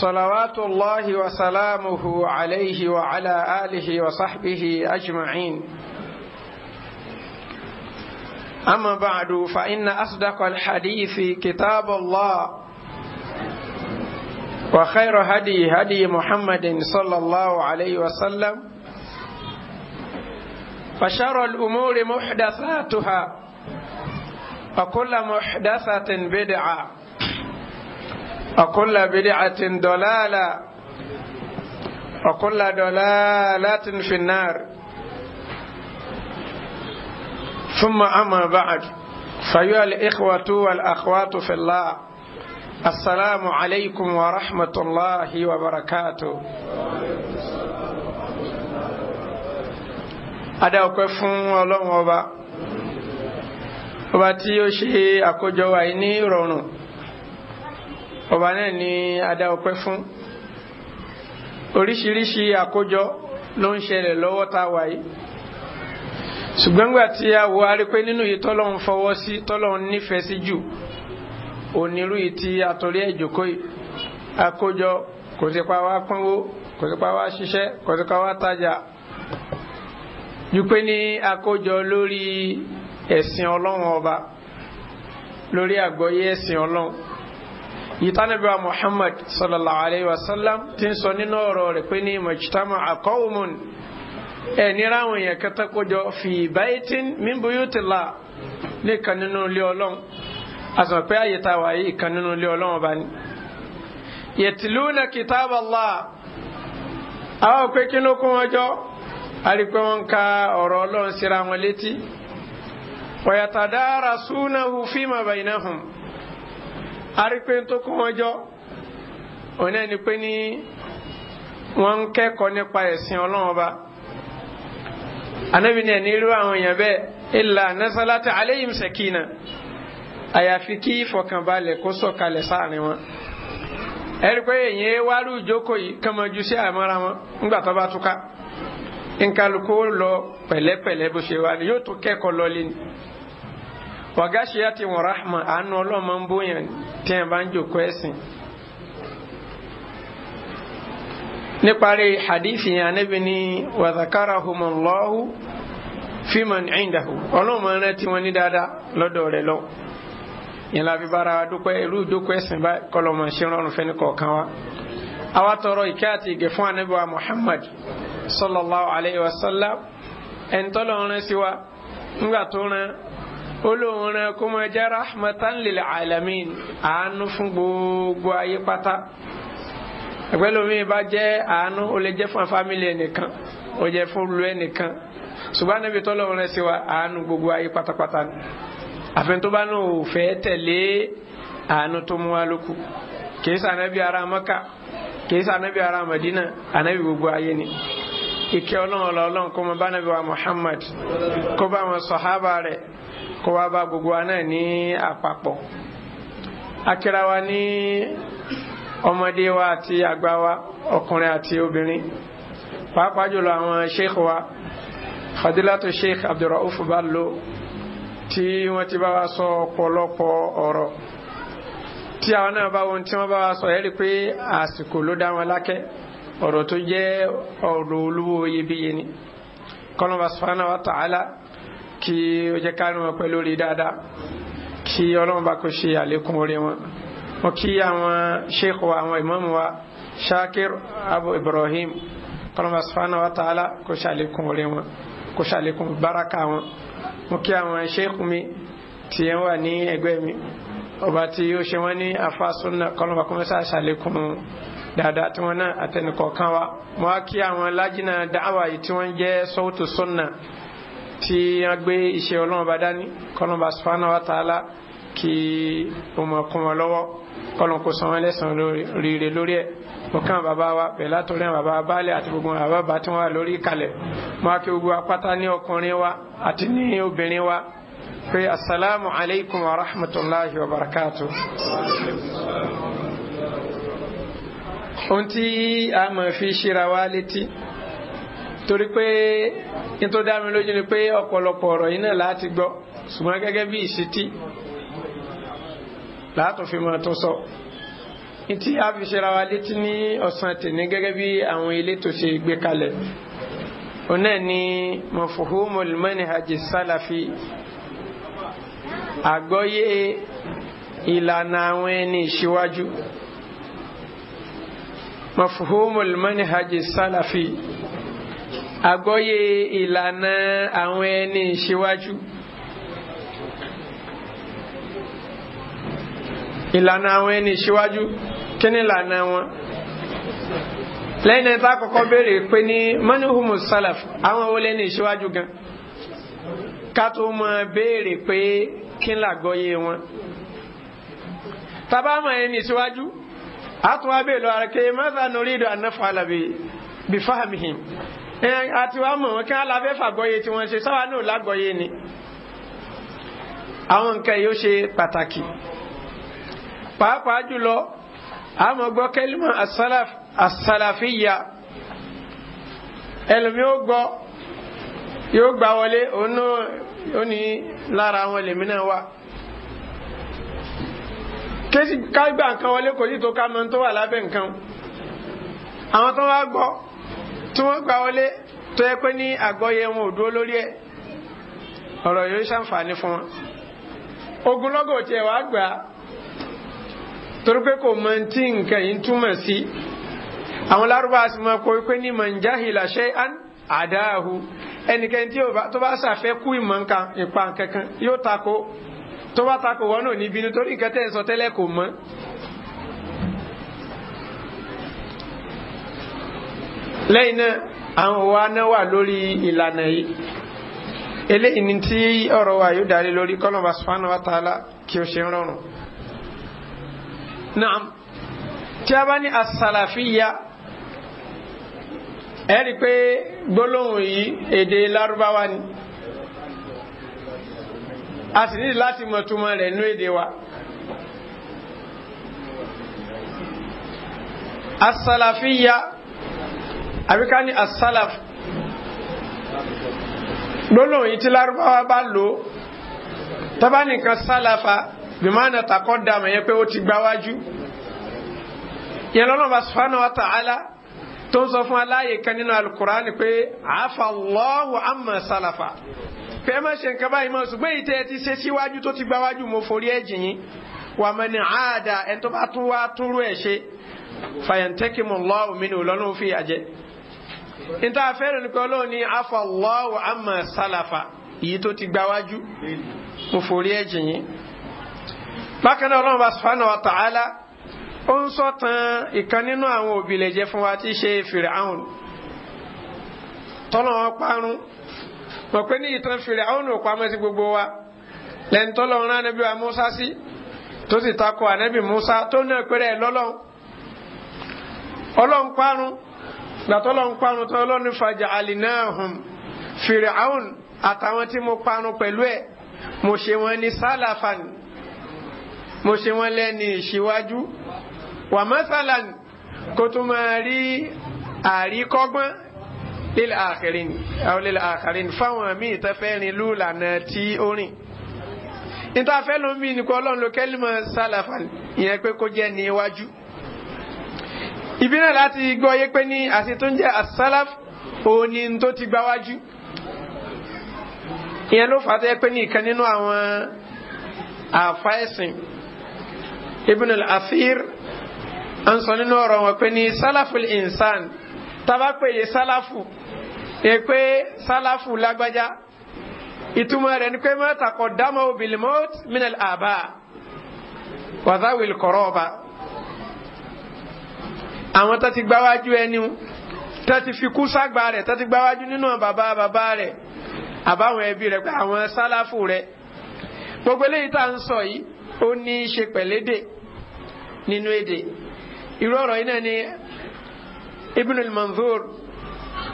صلوات الله وسلامه عليه وعلى آله وصحبه أجمعين أما بعد فإن أصدق الحديث كتاب الله وخير هدي هدي محمد صلى الله عليه وسلم فشر الأمور محدثاتها وكل محدثة بدعة وكل بدعة ضلالة وكل ضلالة في النار ثم أما بعد فأيها الإخوة والأخوات في الله السلام عليكم ورحمة الله وبركاته adáwọ̀pẹ́ fún ọlọ́run ọba ọba tí ó ṣe àkójọ wa ní ìrọ̀rùn ọba náà ni ada ọpẹ́ fún oríṣiríṣi àkójọ ló ń ṣẹlẹ̀ lọ́wọ́ tá a wà yìí ṣùgbọ́n gbà tí a wò a rí pé nínú yìí tọ́lọ́hún fọwọ́ sí tọ́lọ́hún nífẹ̀ẹ́ sí jù onírú yìí tí a torí ẹ̀ jòkó yìí àkójọ kò sí pa wá pínwó kò sí pa wá ṣiṣẹ́ kò sí pa wá tajà ju pé ní àkójọ lórí ẹ̀sìn ọlọ́run ọba lórí àgbọ́yé ẹ̀sìn ọlọ́run ìtànàbí wa Muhammad sallallahu alayhi wa sallam ti ń sọ nínú ọ̀rọ̀ rẹ̀ pé ní mọ̀jítàmọ̀ àkọ́wùmùn ẹ̀ nira àwọn èèyàn kẹta kójọ fi baitin min buyutillah ní kan nínú ilé ọlọ́run àsàn pé àyè tá a wà yìí kan nínú ilé ọlọ́run ọba ni. yatluna kitaballah àwọn òpè kínú kún wọn wọn ka ọ̀rọ̀ ọlọ́run síra wọn létí wa yatadarasunahu fima bainahum. arípe tó kó onye jọ ni wọn ní nípa ẹ̀sìn ọlọ́run ọba anabi náà ní àwọn èèyàn bẹ́ẹ̀ ilà nasalata aleyhim sakina àyàfi kí ìfọ̀kànbalẹ̀ kó sọ̀kalẹ̀ sáàrin wọn ẹ̀rí pé ìjókòó yìí sí wọn tó bá túká lọ wa gashi ya ti warahma an nolo man buyan ten ban jo kwesi ni pare hadithi ya nabi ni wa zakarahum allah fi man indahu olo man ti woni dada lo dore lo yin la bi bara dupe ru jo kwesi ba kolo man shiron fe ni ko kan wa awa ikati ge fun nabi wa muhammad sallallahu alaihi wasallam en tolo ne siwa ngatuna olóhùn rẹ kó máa jẹ́ rahmatan lil alamin àánú fún gbogbo ayé pátá ẹgbẹ́lómi bá jẹ́ àánú ó lè jẹ́ fún fámìlì ẹnìkan ó jẹ́ fún olú ẹnìkan ṣùgbọ́n níbi tọ́lọ́hùn rẹ sí wa àánú gbogbo ayé pátápátá ni àfẹn tó bá ní òfẹ́ tẹ̀lé àánú tó mú wa lóku kìí sànẹ́bí ara Mẹ́kà kìí sànẹ́bí ara Mẹ́dínà ànẹ́bí gbogbo ayé ni ìkẹ́ ọlọ́run ọlọ́run kó mọ bá nàbí wa Muhammad kó bá wọn sọ̀hábà rẹ̀ kó wá bá gbogbo wa náà ní àpapọ̀ akíra wa ní ọmọdé wa àti àgbà wa ọkùnrin àti obìnrin pàápàá jùlọ àwọn sheikh wa fadilatu sheikh abdulrauf Ballo tí wọ́n ti bá wa sọ ọ̀pọ̀lọpọ̀ ọ̀rọ̀ tí àwọn náà bá wọn tí wọ́n bá wa sọ ẹ́ rí i pé àsìkò ló dá wọn lákẹ́ ọ̀rọ̀ tó jẹ́ ọ̀rọ̀ olówó iyebíye ni kọ́nà bá wa ta'ala kí ó jẹ́ ká ràn wọ́n pẹ́ lórí dáadáa kí ọlọ́run bá kó ṣe àlékún orí wọn mo kí àwọn sheikh wa àwọn imam wa shakir abu ibrahim kọlọmọ subhanahu wa ta'ala kó ṣe àlékún orí wọn kó ṣe àlékún baraka wọn mo kí àwọn sheikh mi tí ẹ wà ní ẹgbẹ́ mi ọba tí yóò ṣe wọn ní afasunna kọlọmọ kọmọsá ṣàlékún dáadáa tí wọn náà àtẹnukọ̀ọ̀kan wa mo wá kí àwọn lájìnà dáhàwá yìí tí wọ́n jẹ́ sọ́wọ́tò sunna tí wọ́n gbé iṣẹ́ ọlọ́run bá dání kọ́nà bá subhanahu wa ta'ala kí ọmọ kún wọn lọ́wọ́ kọ́nà kó san wọn lẹ́sàn-án rere lórí ẹ̀ ọkàn bàbá wa pẹ̀lú àtọ́rẹ́ bàbá baálẹ̀ àti gbogbo bàbá bá tí wọ́n wà lórí ìkàlẹ̀ mọ́ akẹ́ gbogbo apáta ní ọkùnrin wa àti ní obìnrin wa pé asalaamu alaykum wa rahmatulahi wa barakatu. ohun tí a máa fi ṣíra wa létí torí pé nítorí dá mi lójú ni pé ọ̀pọ̀lọpọ̀ ọ̀rọ̀ yìí náà láti gbọ́ ṣùgbọ́n gẹ́gẹ́ bí ìṣítí látò fi máa tó sọ ntí a fi ṣe ra wa létí ní ọ̀sán tèmi gẹ́gẹ́ bí àwọn elétò ṣe gbé kalẹ̀ ọ̀nà ni mafhumul manhaj sálàfi àgbọ́yé ìlànà àwọn ẹni ìṣíwájú mafhumul manhaj sálàfi àgbọ́yé ìlànà àwọn ẹni ìṣíwájú. ìlànà àwọn ẹni ìṣíwájú kí ni ìlànà wọn lẹ́yìn náà tá a kọ́kọ́ béèrè pé ní manuhumu salaf àwọn wo lẹ́ni ìṣíwájú gan ká tó mọ béèrè pé kí ni àgbọ́yé wọn tábà mọ ẹni ìṣíwájú àtúwábẹ̀ lọ́wọ́ àrẹ́kẹ́ mẹ́ta nuridu an naf'ala bi bifahmihim àti wàá mọ̀ wọn kí wọ́n la fẹ́ ni àwọn nǹkan yìí ó ṣe pàtàkì pàápàá jùlọ àmọ́ gbọ́ kẹ́límọ̀ as-salaf as-salafiyya ẹlòmí ó gbọ́ yóò gbà wọlé òun náà ó ní lára àwọn lèmi náà wà kéésì ká gbà nǹkan wọlé kò sí tó ká mọ̀ tó wà lábẹ́ nǹkan àwọn tó wá gbọ́ tí wọ́n gbà wọlé tó yẹ pé ní àgọ́yẹ wọn ò dúró lórí ẹ̀ ọ̀rọ̀ yóò ṣàǹfààní fún wọn ogunlọ́gọ̀ tiẹ̀ wàá gbà torí pé kò mọ tí nǹkan yìí túmọ̀ sí àwọn lárúbáwá sì máa kọ pé ní manjahila shay'an àdáhù ẹnikẹ́ni tí tó bá ṣàfẹ́kù ìmọ̀ nǹkan ìpa kankan yóò tako tó bá tako wọn náà níbi nítorí nǹkan tẹ́ ń sọ tẹ́lẹ̀ kò mọ́ lẹ́yìn náà àwọn wa náà wà lórí ìlànà yìí eléyìí ni tí ọ̀rọ̀ wa yóò darí lórí kọ́lọ́mà subhanahu wa ta'ala kí o ṣe ń rọrùn. naam tí a bá ní asàlàfíyà ẹ rí i pé gbólóhùn yìí èdè lárúbáwá ni a sì ní láti mọ̀ rẹ̀ nú èdè wa. asàlàfíyà. As àbí ká ní asalaf gbólóhùn yìí tí lárúbáwá bá lò tọ́ba nìkan sálàfà bìmánà takọ́ dàmọ̀ yẹn pé ó ti gbáwájú yẹn lọ́nà bá subhanahu wa ta'ala tó ń sọ fún aláyè kan nínú alukur'ani pé afa Allahu amma sálàfà pé ẹ má ṣe nǹkan báyìí mọ́ ṣùgbọ́n èyí tẹ́ ẹ ti ṣe síwájú tó ti gbáwájú mo forí ẹ̀ jìyìn wà mọ́ ni àádá ẹ̀ tó bá tún wá túrú ẹ̀ ṣe fàyẹ̀ntẹ́kìmọ̀ Allahu minhu lọ́nà òfin àjẹ́ níta afẹ́rẹ́ ni pé ọlọ́run ní afọlọ́wọ́ àmọ́ sálàfà èyí tó ti gbáwájú mo forí ẹ̀ jìyìn bákan náà ọlọ́run bá subhanahu wa ta'ala ó ń sọ̀tàn ìkan nínú àwọn òbílẹ̀jẹ́ fún wa tí í ṣe Fir'aun tọ́lọ́ wọn parun mọ̀ pé ní ìtàn Fir'aun ò pamọ́ sí gbogbo wa lẹ́nu tọ́lọ́ wọn rán wa Musa sí tó sì takò Ànábì Musa tó náà péré ẹ̀ ọlọ́run parun gbàtọ́lọ́ ń parun tán lọ́ni fàjà àlìnáhùn fìrìhàn àtàwọn tí mo parun pẹ̀lú ẹ̀ mo ṣe wọn ní sálàfàn mo ṣe wọn lẹ́ni ìṣíwájú wà mọ́sálàn kó tó máa rí àríkọ́gbọ́n lílẹ̀ àkàrin àwọn lílẹ̀ àkàrin fáwọn míì tó fẹ́ rin lúlànà tí ó rìn níta fẹ́ lómi nìkan ọlọ́run ló kẹ́lí sálàfàn ìyẹn pé kó jẹ́ ní ibi náà láti gbọ́ yé pé ní àti tó ń jẹ́ asálàf òun ni tó ti gbáwájú ìyẹn ló fàá tó yẹ pé ní ìkan nínú àwọn àfa ẹ̀sìn ibn al-asir ń sọ nínú ọ̀rọ̀ wọn pé ní sálàfù ìnsán tábà pé yé sálàfù yẹ pé sálàfù lágbájá ìtumọ̀ rẹ̀ ni pé má dámọ̀ bil maut min al-aba wa dhawil àwọn tó ti gbáwájú ẹni tó ti fi kú ságbá rẹ̀ tó ti gbáwájú nínú bàbá bàbá rẹ̀ àbáwọn ẹbí rẹ̀ pé àwọn sálàfù rẹ̀ gbogbo eléyìí tá à ń sọ yìí ó ní í ṣe pẹ̀lédè nínú èdè irú ọ̀rọ̀ yìí náà ni Ibn al-Manzur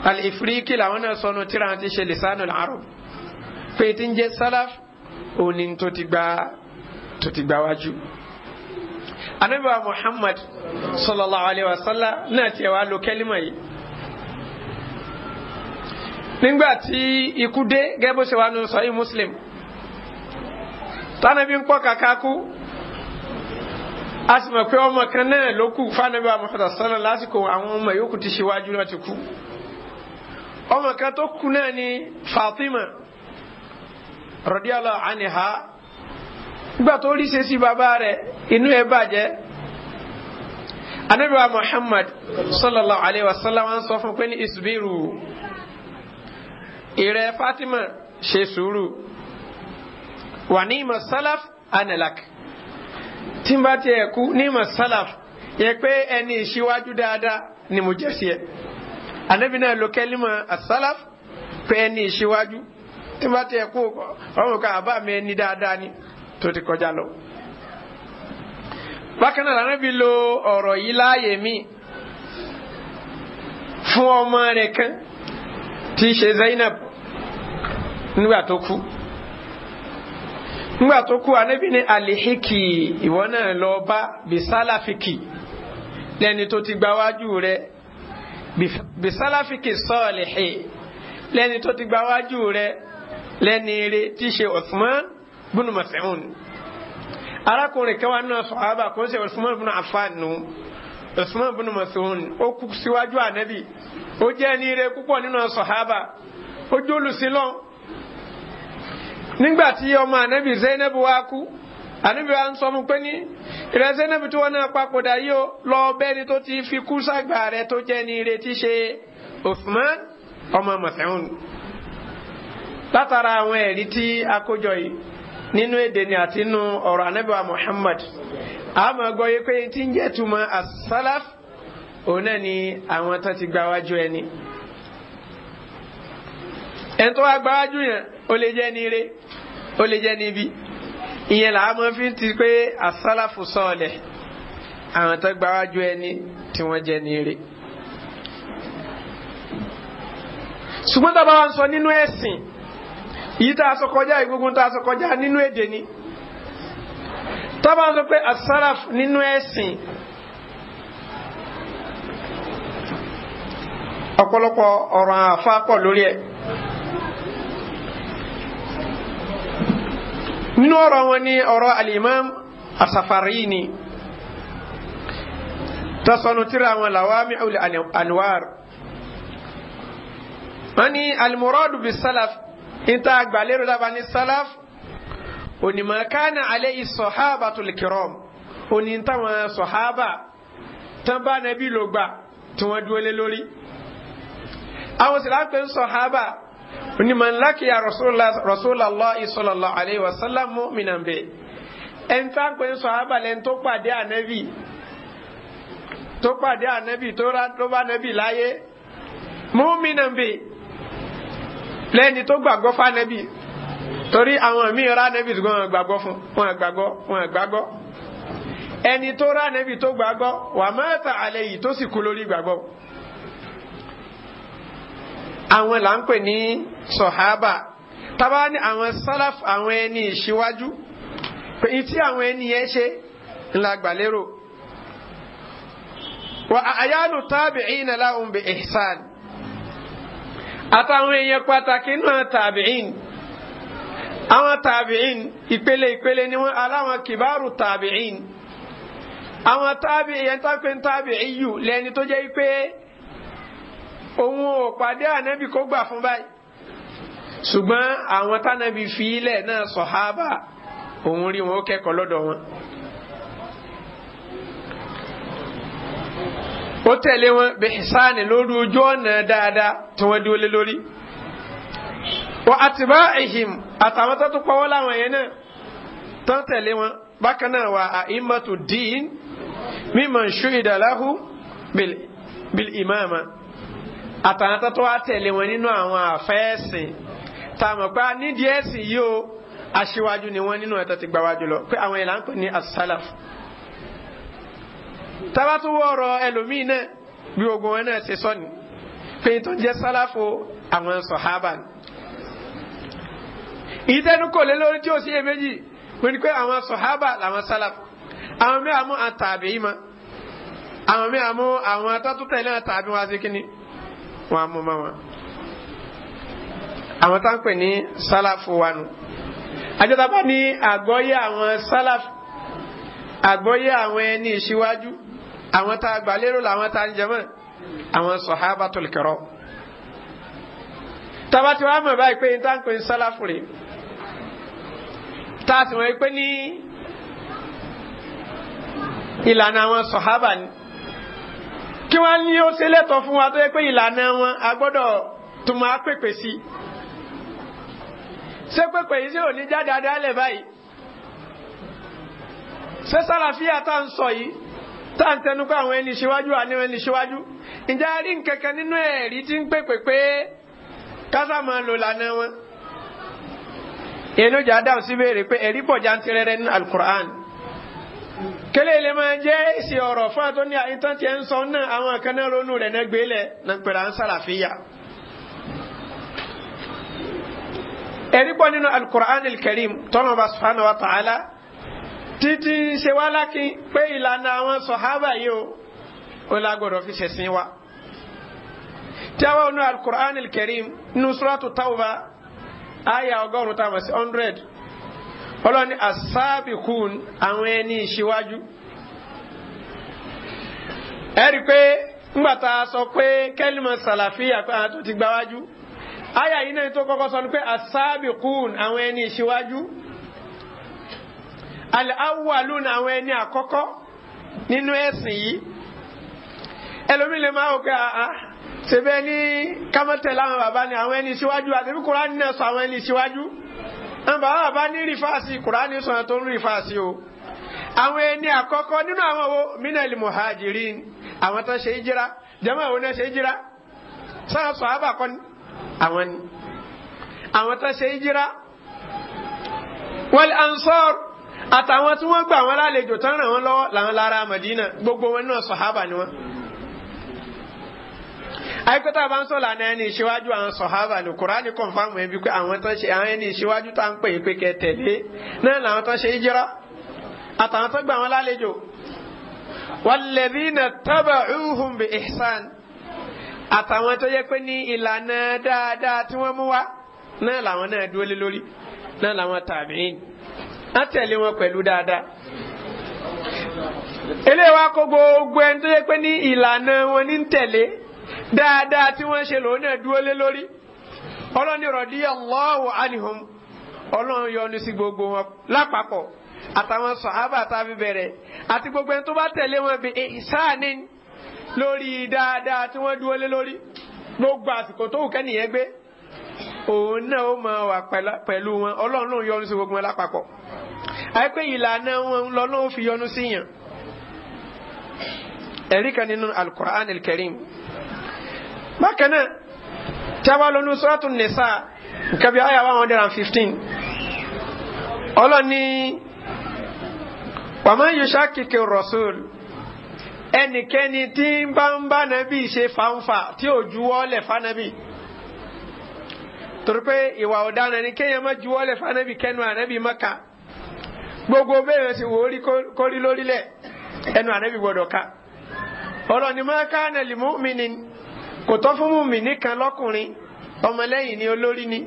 al-Ifriqi làwọn náà sọnù tíra àti ṣe lisanu al-Arab pé tí ń jẹ́ sálàf òní tó ti gbá tó ti gbáwájú anabi wa muhammad sallallahu alaihi wa sallam náà tiẹ̀ wá lo kẹ́límà yìí nígbà tí ikú dé gẹ́gẹ́ bó ṣe wà nínú sọ́yìn muslim tánàbí ń pọ̀ kàkà kú a sì mọ̀ pé ọmọ kan náà ló kù fánàbí wa muhammad sallallahu alaihi wa sallam lásìkò àwọn ọmọ yòókù ti ṣíwájú náà ti kú ọmọ kan tó kú náà ni fatima radiyallahu anha nígbà tó rí ṣe sí bàbá rẹ̀ inú ẹ̀ bàjẹ́ anabiwa muhammad sallallahu alaihi wa sallam an sọ fún pé ní isbiru ìrẹ fatima ṣe sùúrù wà ní ìmọ̀ salaf anilak tí n bá tiẹ̀ kú ní ìmọ̀ salaf yẹ pé ẹni ìṣíwájú dáadáa ni mo jẹ́ sí ẹ anabi náà lo kẹ́límọ̀ asalaf pé ẹni ìṣíwájú tí n bá tiẹ̀ kú ọmọ kan àbá mi ẹni dáadáa ni tó ti kọjá lọ. bákan náà l'Ànábì lo ọ̀rọ̀ yìí láàyè mí fún ọmọ rẹ̀ kan tí í ṣe Zainab nígbà tó kú nígbà tó kú Ànábì ní alihiki ìwọ náà lọ bá bisalafiki lẹni tó ti gbáwájú rẹ̀ bisalafiki sọọlìhì lẹni tó ti gbáwájú rẹ̀ lẹni rẹ̀ tí í ṣe Usman bunu Mas'ud arákùnrin kan wà nínú sọhábà kò ń ṣe Usman bunu Affan nù Usman bunu Mas'ud ó kú síwájú ànábì ó jẹ́ ẹni ire púpọ̀ nínú sọhábà ó jólùsílọ́n nígbà tí ọmọ ànábì Zainab wá kú ànábì wa ń sọ fún pé ní ìrẹ Zainab tí wọn náà papòdà yìí ó lọ bẹ́ni tó ti fi kú sàgbà rẹ̀ tó jẹ́ ẹni ire tí ṣe Usman ọmọ Mas'ud látara àwọn ẹ̀rí tí a kó nínú èdè ni àti nínú ọ̀rọ̀ anábìwá Muhammad ama máa gbọ́ yé pé tí ń jẹ́ túmọ̀ as-salaf òun náà ni àwọn tó ti gba wájú ẹni ẹni tó wá gba wájú yẹn ó lè jẹ́ ní ire ó lè jẹ́ níbi ìyẹn làá máa fi ti pé as-salafu salih àwọn tó ẹni tí wọ́n jẹ́ ní ire ṣùgbọ́n tó bá wà ń sọ nínú ẹ̀sìn yìí tá a sọ kọjá ìgbógun tá a sọ kọjá nínú èdè ni tábà sọ pé asaraf nínú ẹ̀sìn ọ̀pọ̀lọpọ̀ ọ̀rọ̀ àfa pọ̀ lórí ẹ̀ nínú ọ̀rọ̀ wọn ni ọ̀rọ̀ alimam asafari ni tasọnu tírà wọn lawami anwar wọn ni alimuradu bisalaf inta agbalero daba ni salaf onimọ kana aleyhi sọhaba tolikirom oni ntawọn sọhaba tán bá nabi ló gbà tí wọn dúró lé lórí àwọn sìlápẹ ń sọhaba onimọ nlákìyà rasulallah sallallahu aleyhi wa sallam mu'minan bẹ ẹnta pẹ ń sọhaba lẹni tó pàdé ànábì tó pàdé ànábì tó bá ànábì láyé mu'minan bẹ lẹ́ni tó gbàgbọ́ fánẹ́bì torí àwọn míì rá nẹ́bì tó wọn gbàgbọ́ fún wọn gbàgbọ́ wọn gbàgbọ́ ẹni tó rá nẹ́bì tó gbàgbọ́ wà mẹ́ta alẹ́ yìí tó sì kú lórí gbàgbọ́ àwọn là ń pè ní sọ̀hábà tábà ní àwọn sálàf àwọn ẹni ìṣíwájú pé tí àwọn ẹni yẹn ṣe ńlá gbàlérò wà àyánu tábìínà lahum bi ihsan àtàwọn èèyàn pàtàkì náà tàbíìn àwọn tàbíìn ìpele ìpele ni wọn aláwọn kìbáàrù tàbíìn àwọn tàbí èèyàn tàbí tàbí iyù lẹni tó jẹ́ pé òun ò pàdé ànábì kó gbà fún báyìí ṣùgbọ́n àwọn tànábì fi ilẹ̀ náà sọ̀hábà òun rí wọn ó kẹ́kọ̀ọ́ lọ́dọ̀ wọn. ó tẹ̀lé wọn bí hisaani lórí ojú ọ̀nà dáadáa tí wọ́n dúró lé lórí. wọ́n àtibá ìhìm àtàwọn tó tún pọ́wọ́ láwọn yẹn náà tán tẹ̀lé wọn bákan náà wà àìmọ́tò dín mímọ̀ ṣú ìdàláhù bil ìmáàmà àtàwọn tó tún wá tẹ̀lé wọn nínú àwọn àfẹ́ẹ̀sìn táwọn pa nídìí ẹ̀sìn yìí o aṣíwájú ni wọ́n nínú ẹ̀tọ́ ti gbáwájú lọ pé àwọn ìlànà pè ní asálàfù tabatuwọ ọ̀rọ̀ ẹlòmíín náà bí gbogbo wọn náà ṣe sọ ni pé tó jẹ́ sálàfo àwọn sọ̀hábà ni ìtẹnu kò lé lórí tí ó sì yé méjì wọ́n ní pé àwọn sọ̀hábà làwọn sálàfo àwọn mẹ́wàá mú àtàbí yìí ma àwọn mẹ́wàá mú àwọn atọ́tútẹ̀ náà tàbí wọn sí wọn á ma wọn àwọn tá ń pè ní sálàfù wa nù àjọtaba ní àgbọ́yé àwọn sálàfù àgbọ́yé àwọn ẹni ìṣíwájú àwọn tá a gbà lérò làwọn tá a ń jẹ mọ́ àwọn sahabatul kiram tabati wa mọ̀ báyìí pé n tá n pè sálàfù rè tá a sì mọ̀ pé ní ìlànà àwọn sọ̀hábà ni kí wọ́n ní ó ṣe lẹ́tọ̀ọ́ fún wa tó yẹ pé ìlànà wọn a gbọ́dọ̀ tó máa pèpè sí ṣé pèpè yìí ṣé ò ní jáde adálẹ̀ báyìí ṣé sálàfíà tá à ń sọ yìí tá à ń tẹnu kọ́ àwọn ẹni ṣíwájú àní ẹni ṣíwájú ǹjẹ́ a rí nkankan nínú ẹ̀rí tí ń pèpè pé kásá máa lò lànà wọn. èlójà dáhùn sí béèrè pé ẹ̀rí pọ̀ jantirẹrẹ ní alukur'an. kélé ilé máa jẹ́ èsì ọ̀rọ̀ fún àtọ́ ní àyíntàn ń sọ náà àwọn kan ronú rẹ̀ náà gbélé náà pèrè à ń sàràfíyà. ẹ̀rí pọ̀ nínú alukur'an al-karim wa ta'ala. Titi ṣe wá lákì pé ìlànà àwọn sọ̀hábà yìí o ó lágbọ́dọ̀ fi ṣẹ̀sìn wa tí a wá wọnú alukur'an kẹrim nínú suratu tawba àyà ọgọ́rùn-ún táwọn sí hundred ọlọ́ni asábìkún àwọn ẹni ìṣíwájú ẹ̀rí pé ńgbàtà sọ pé kẹ́lìmọ̀ sàlàfíà pé àwọn tó ti gbáwájú àyà yìí náà tó kọ́kọ́ sọ ni pé asábìkún àwọn ẹni ìṣíwájú al-awwaluna àwọn ẹni àkọ́kọ́ nínú ẹ̀sìn yìí ẹlòmí lè máa wò pé àá ah, ah, ṣèbẹ́ ní kámọ́tẹ̀ láwọn bàbá ni àwọn ẹni síwájú àti bí kúránì náà sọ àwọn ẹni síwájú àwọn bàbá bàbá ní rìfáàsì kúránì sọ̀rọ̀ tó ń rìfáàsì o àwọn ẹni àkọ́kọ́ nínú àwọn wo minal muhajirin àwọn tó ṣe hijira jẹ́mọ́ àwọn náà ṣe hijira sáà àwọn ni àwọn tó ṣe hijira wal ansar àtàwọn tí wọ́n gbà wọn lálejò tán ràn wọ́n lọ́wọ́ làwọn lára Madina gbogbo wọn náà sọ̀hábà ni wọ́n àìkọ́tà bá ń sọ̀lá ní ẹni ìṣíwájú àwọn sọ̀hábà ní kùránì kọ̀ǹfàmù ẹbí pé àwọn tó ń ṣe àwọn ẹni ìṣíwájú tá ń pè é pé kẹtẹ̀lé náà làwọn tó ń ṣe ìjírá àtàwọn tó gbà wọn lálejò walladhina taba'uhum bi ihsan àtàwọn tó yẹ pé ní ìlànà dáadáa tí wọ́n mú wá náà làwọn náà dúró lé lórí náà làwọn tàbíìn á tẹ̀lé wọn pẹ̀lú dáadáa eléyìí wá kó gbogbo ẹni tó yẹ pé ní ìlànà wọn ní tẹ̀lé dáadáa tí wọ́n ṣe lòun náà dúró lé lórí ọlọ́ni radiyallahu anhum ọlọ́run yọ́nú sí gbogbo wọn lápapọ̀ àtàwọn sàhábà tàbí bẹ̀rẹ̀ àti gbogbo ẹni tó bá tẹ̀lé wọn bí ìsáàní lórí dáadáa tí wọ́n dúró lé lórí gbogbo àsìkò tó wù kẹ́nìyẹn gbé òun náà ó máa wà pẹ̀lú wọn ọlọ́run ló ń yọ́nú sí gbogbo wọn lápapọ̀ àìpé ìlànà wọn lọ́lọ́run fi yọ́nú sí yàn ẹ̀rí kan nínú alukur'an alkarim bákan náà táwa lónú sọ́ọ́tù nìsa nǹkan bí àyà one hundred and fifteen ọlọ́ni wàmọ́ yusa kìkì rọ̀ṣùl ẹnikẹ́ni tí ń bá ń bá nàbí ṣe fanfa tí ò juwọ́ lẹ̀ fanabi torí pé ìwà ọ̀daràn ni kéèyàn má juwọ́ lẹ̀ fanabi kẹnu ànábì mọ́ka gbogbo bẹ́ẹ̀ sì wò ó rí kórí lórílẹ̀ ẹnu ànábì gbọ́dọ̀ ká ọlọ́ni máa ká nàlì múmìnì kò tọ́ fún múmìnì kan lọ́kùnrin ọmọlẹ́yìn ni olórí ni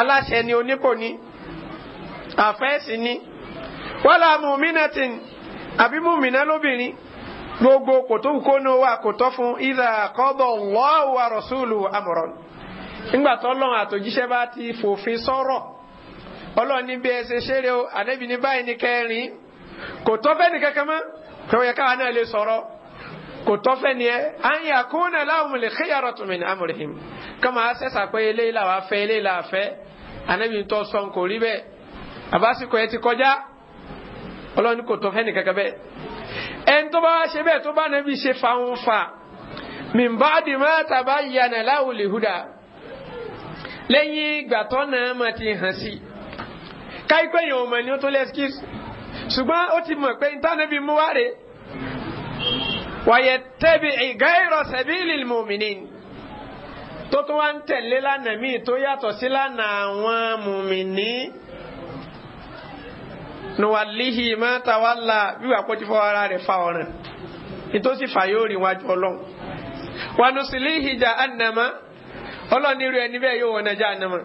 aláṣẹ ni onípò ni àfẹ́sì ni wàlá múmìnàtì àbí múmìnà lóbìnrin gbogbo kò wa kò tọ́ fún ìdá qada Allahu wa rasuluhu amran nígbà tó lọ́n àtòjíṣẹ́ bá ti fòfin sọ̀rọ̀ ọlọ́run ní bí ẹ ṣeré o ànábì ní báyìí ní kẹrin kò tọ́ fẹ́ ní kankan mọ́ kí wọ́n yẹ káwa náà lè sọ̀rọ̀ kò tọ́ fẹ́ ni ẹ à ń yà kó náà láwọn lè kéyà rọ̀tún mi ní amúrihìm kọ́mọ asẹ́sà pé eléyìí làwọn afẹ́ eléyìí làwọn afẹ́ ànábì tó sọ kò rí bẹ́ẹ̀ àbásìkò ẹ ti kọjá ọlọ́run ní kò tọ́ fẹ́ ní kankan bẹ́ẹ̀ ẹni tó bá lẹ́yìn ìgbà tọ́nà máa ti hàn sí káípẹ́ yẹn ò mọ̀ ní ó tó lé excuse ṣùgbọ́n ó ti mọ̀ pé ìtànẹ́bí mú wá rè wàyẹ̀ tẹ́bi ghayra sabilil mu'minin tó tún wá ń tẹ̀lé lánàá míì tó yàtọ̀ sí lánàá àwọn mùmìnì nuwalihi ma tawalla wíwà kó ti fọ́ ara rẹ̀ fa ọ̀ràn ìtòsí fàyóòrì wájú ọlọ́run wanusilihi ọlọ́run ni irú ẹni bẹ́ẹ̀ yóò wọnà jahannama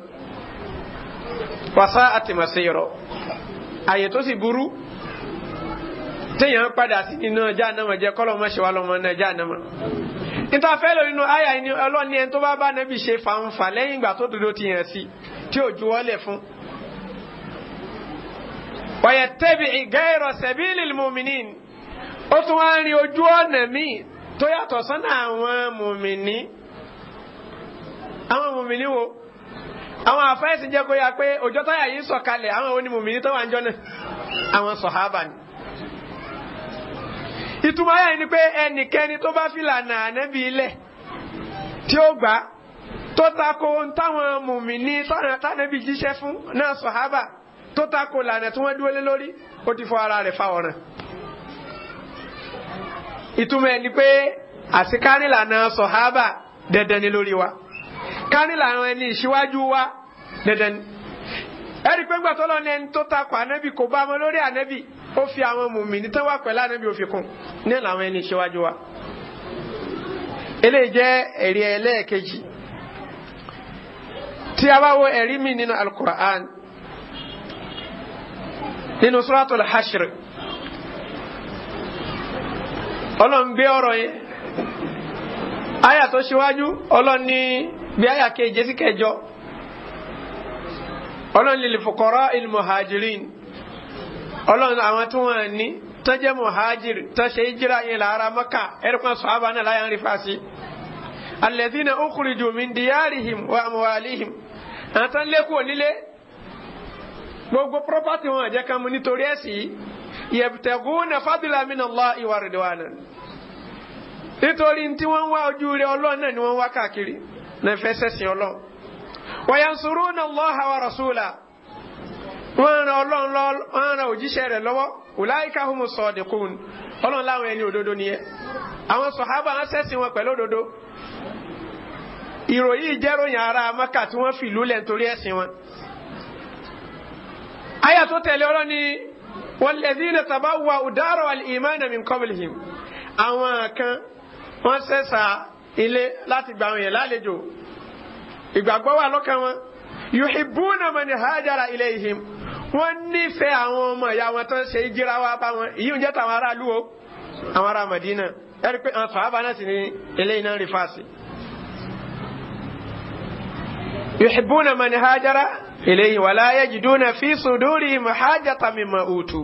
wàsá àtìmọ̀síyọrọ àyè tó sì burú téèyàn padà sí nínú jahannama jẹ́ kọ́lọ́ mọ́ ṣe wà lọ́mọ náà jahannama níta fẹ́ lò nínú àyà ni ọlọ́run ní ẹni tó bá bá nàbì ṣe fanfa lẹ́yìn ìgbà tó dodo ti yàn sí tí ò juwọ́lẹ̀ fún wàyẹ̀tẹ́bì gẹ́rọ sẹ̀bílì mùmìnín ó tún wá ń rin ojú ọ̀nà míì tó yàtọ̀ sọ́nà àwọn mùmìnín àwọn mùmíní wo àwọn àfẹ́sì jẹ́ kó pé òjò táyà yìí sọ̀kalẹ̀ àwọn onímùmíní tó wà ń jọ náà àwọn sọ̀hábà ni ìtumọ̀ ayé ni pé ẹnikẹ́ni tó bá fi lànà ànábì ilẹ̀ tí ó gbà tó tako táwọn mùmíní tánàbì jíṣẹ́ fún náà sọ̀hábà tó tako lànà tí wọ́n dúró ti fọ ara rẹ̀ fáwọn ìtumọ̀ pé sọ̀hábà wa. kárí làwọn ẹni ìṣíwájú wa dandan ni ẹ̀rí pé ńgbà tó lọ ní ẹni tó takò ànábì kò bá wọn lórí ànábì ó fi àwọn mùmínì tó wà pẹ̀lú ànábì ó fi kún ní làwọn ẹni ìṣíwájú wa eléyìí jẹ́ ẹ̀rí ẹlẹ́ẹ̀kejì tí a bá wo ẹ̀rí mi nínú alukur'an nínú suratul hashr ọlọ́run gbé ọ̀rọ̀ yẹn aya tó ṣíwájú ọlọ́run ní bí àyà keje sí kẹjọ ọlọ́run lil fuqara il muhajirin ọlọ́run àwọn tí wọ́n ní tán jẹ́ muhajir tán ṣe hijira yẹn lára maka ẹ̀rí kan sahaba náà láyà ń rí fásí alladhina ukhriju min diyarihim wa amwalihim àtàn lẹ́kọ̀ọ́ nílé gbogbo property wọn jẹ́ mu nítorí ẹ̀sìn yabtaguna fadla min Allahi wa ridwana nítorí tí wọ́n wá ojú rẹ̀ ọlọ́run náà ni wọ́n wá káàkiri náà fẹ́ sẹ́sìn na wayansuruna wa rasula wọ́n ran ọlọ́run lọ wọ́n ran òjíṣẹ́ rẹ̀ lọ́wọ́ ulaika humu sadiqun ọlọ́run láwọn ẹni òdodo nìyẹn àwọn sọ̀hábà wọn sẹ́sìn wọn pẹ̀lú òdodo ìròyìn jẹ́ròyìn ara maka tí wọ́n fìlú lẹ̀ nítorí ẹ̀sìn wọn. aya tó tẹ̀lé ọ̀rọ̀ ni walladhina tabawwa'u dara wal imana min qablihim àwọn kan wọ́n sẹ́sà ilé láti gba àwọn yẹn lálejò ìgbàgbọ́ wà lọ́kàn wọn yuhibbuna man hajara ilayhim wọ́n nífẹ̀ẹ́ àwọn ọmọ ìyá wọn tó ń ṣe ìjíra wa bá wọn èyí ń jẹ́ tàwọn ará lúwo àwọn ará Madina ẹ̀rí pé àwọn sàhábà náà sì ní eléyìí náà rí fáàsì. yuhibbuna man hajara ilayhim wala yajiduna fi sudurihim hajatan mimma utu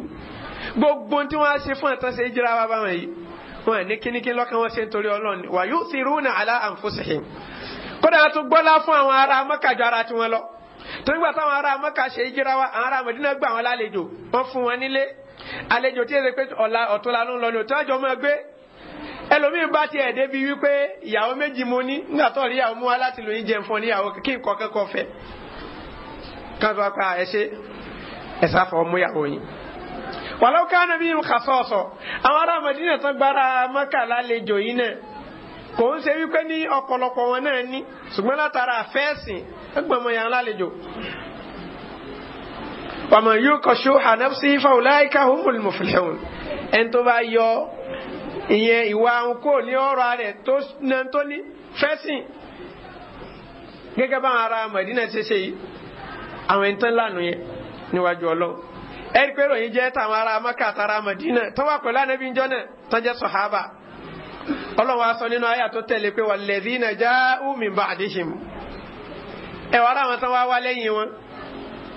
gbogbo tí wọ́n á ṣe fún ẹ̀tàn ṣe ìjíra wa bá wọn yìí wọn ní kínníkín lọ́kàn wọn ṣe ń torí ọlọ́run wa yu'thiruna ala anfusihim kódà tó gbọ́lá fún àwọn ará Mẹ́kà ju ara tiwọn lọ torí gbà táwọn ará Mẹ́kà ṣe ìjíra wa àwọn ará Mẹ́dínà gbà wọn lálejò wọn fún wọn nílé àlejò tí ẹ ṣe pé ọ̀la ọ̀túnla ló ń lọ ní òtún àjọ máa gbé ẹlòmíín bá tiẹ̀ débi wípé ìyàwó méjì mo ní nígbà tó wàláwó ká nàbí irun kàsọ́ọ̀sọ̀ àwọn ará Madina tán gbára Maka lálejò yìí náà kò ń ṣe wípé ní ọ̀pọ̀lọpọ̀ wọn náà ní ṣùgbọ́n látara àfẹ́ẹ̀sìn ẹgbẹ̀mọ̀ yàn lálejò wàmọ̀ yóò kọ̀ ṣó ànáfsí fàwùláìka humul muflihun ẹni tó bá yọ ìyẹn ìwà àwọn kò ní ọ̀rọ̀ rẹ̀ tó náà tó ní fẹ́sìn gẹ́gẹ́ bá àwọn ará ṣe ṣe yìí àwọn ẹni lánàá yẹn níwájú Ọlọ́run ɛrikwero yin jɛ tamara maka tara madina tɔwa kola anabi njɔ ne tɔjɛ sɔhaba ɔlɔn wa sɔ ninu ayatollah tɛle pe wa na ja umi ba adi him ɛ wala wọn tɔ wa wale yin wọn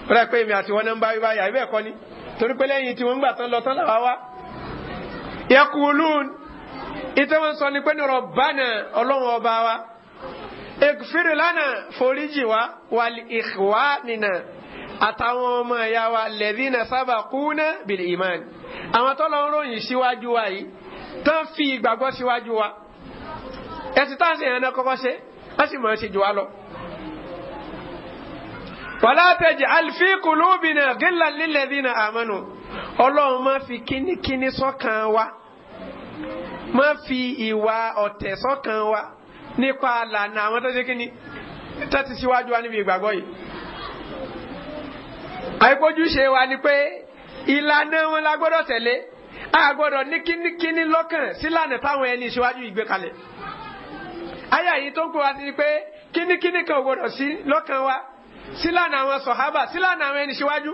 wọlé pe mi àti wọn nan ba yiba ya ibɛ kɔni torí pé lẹyìn tí wọn gbà tán lọ tán la wa wa yakuulun ite wọn sɔ ni pé nirọ bana ɔlɔn wa ba wa ekufiri lana foriji wa wali ihwa nina. àtàwọn ọmọ ẹ̀yà wa lẹ́dínà sábà kúnà bìlì ìmán àwọn tọ́lọ́ ń ròyìn síwájú wa yìí tán fi ìgbàgbọ́ síwájú wa ẹ̀sìn táwọn sì yẹn náà kọ́kọ́ ṣe wọ́n sì mọ̀ ẹ́ ṣe jù wá lọ. wàlá tẹ̀jẹ̀ àlùfí kùlùbìnà gílà lílẹ̀dínà àmọ́nù ọlọ́run máa fi kínníkínní sọ́kàn wa máa fi ìwà ọ̀tẹ̀ sọ́kàn wa nípa àlànà àwọn tó ṣe kínní tó síwájú wa níbi ìgbàgbọ́ yìí. àìkójúṣe wa ni pé ìlànà wọn la gbọ́dọ̀ a gbọdọ ní kínníkínní lọ́kàn sílànà táwọn ẹni ìṣíwájú ìgbé kalẹ̀ ayé àyè tó ń wá pé kan ò sí wa sílànà àwọn sọ̀hábà sílànà àwọn ẹni ìṣíwájú